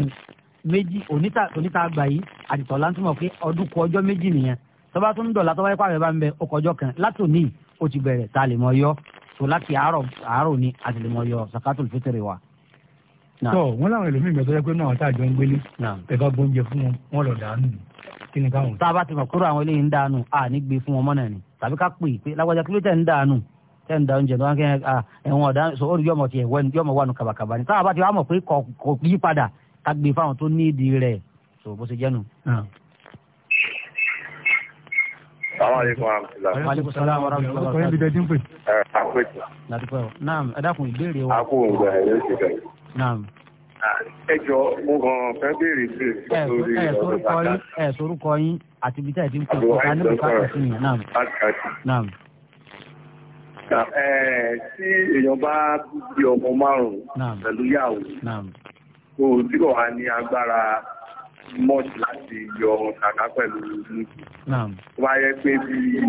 méjì oníta àgbà yìí àtìtọ̀lá túmọ̀ pé ọdún ku ọjọ́ méjì nìyẹn tọ́ba tó ń dọ̀la tọ́ba yẹn pàrọ̀ bá ń bẹ ọkọ̀jọ́ kan láti òní ó ti bẹ̀rẹ̀ tá lè mọ yọ tó láti àárọ̀ àárọ̀ ni a ti lè mọ yọ zakatul fitiri wa. tọ wọn làwọn ẹlòmíín bẹ sọjọ pé náà tá a jọ ń gbélé ẹgbẹ gbóúnjẹ fún wọn wọn lọ dànù kí ni káwọn. tá a bá ti mọ̀ kúrò àwọn eléyìí ń dànù a ní gbé fún wọn mọ́ ni tàbí ká pè pé lágbájá kí ló ń dànù tẹ̀ ń dànù jẹ̀dọ̀ wọn kẹ́ ẹ̀wọ̀n ọ̀dà so ó rí yọmọ tiẹ̀ wẹ́n yọmọ wà nù kàbàkàbà ni tá a bá ti wà mọ̀ pé kò yí padà ká gbé fáwọn tó ní ìdí rẹ̀ so bó ṣe jẹ́ nu. Ẹjọ́ mo kàn fẹ́ béèrè béèrè lórí ọ̀rọ̀ bàtà. Ẹ sorúkọ yín àti ibi tí ẹ ti ń pè é ọ̀tá níbi ká tẹ̀sí yẹn náà. Tí èèyàn bá bí ọmọ márùn-ún pẹ̀lú yàwó, tó tí kò wá ní agbára much láti yọ kàkà pẹ̀lú mú. Tó bá yẹ pé bí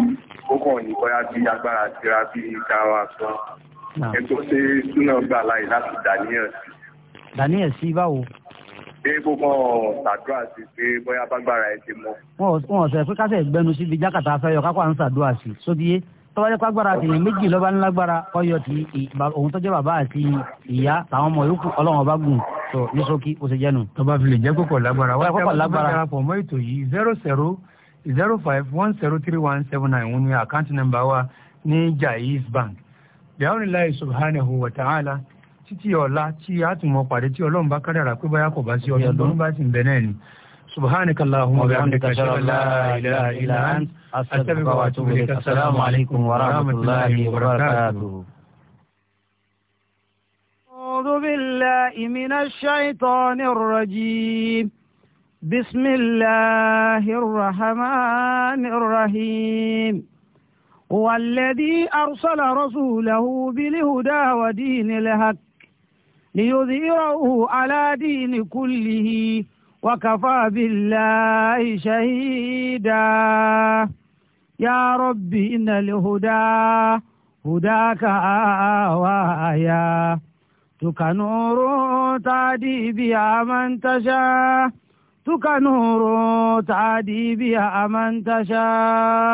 ó kàn ní bóyá bí agbára tira bí káwa sọ. Ẹ tó ṣe súnà gbà láì láti dàníyàn sí. Dàníyàn sí báwo? Ṣé gbogbo ṣàdúrà sí pé bóyá bágbára ẹ ti mọ? Wọ́n ọ̀sẹ̀ pé kásẹ̀ gbẹnu síbi jákàtà afẹ́yọ kápá ń ṣàdúrà sí sódíyé tọ́wọ́ nípa agbára àti èèyàn méjì lọ́ba ńlágbára ọyọ ti òun tó jẹ́ bàbá àti ìyá táwọn ọmọ yòókù ọlọ́run ọba gùn tó ní ṣókí ó ṣe jẹ́nu. tó bá fi lè jẹ́ kókò lágbára wá kókò lágbára darapọ̀ mọ́ ètò yìí zero zero zero five one zero three one seven nine one ní àkáǹtì nọ́mbà wa ní Jaiz Bank bíháwónìláì subhanahu wa ta'ala títí ọ̀la tí a tún mọ pàdé tí ọlọ́run bá kádàrà pé báyà kò bá sí ọdún tó bá sì ń bẹ náà ni subhanaka allahumma wa bihamdika ashhadu an la ilaha illa anta astaghfiruka wa atubu ilaik assalamu alaikum wa rahmatullahi wa barakatuh أعوذ بالله من الشيطان الرجيم بسم الله الرحمن الرحيم هو الذي أرسل رسوله بالهدى ودين الحق ليظهره على دين كله وكفى بالله شهيدا يا رب إن الهدى هداك آوايا تك نور تعدي بها من تشاء تك نور تعدي بها من تشاء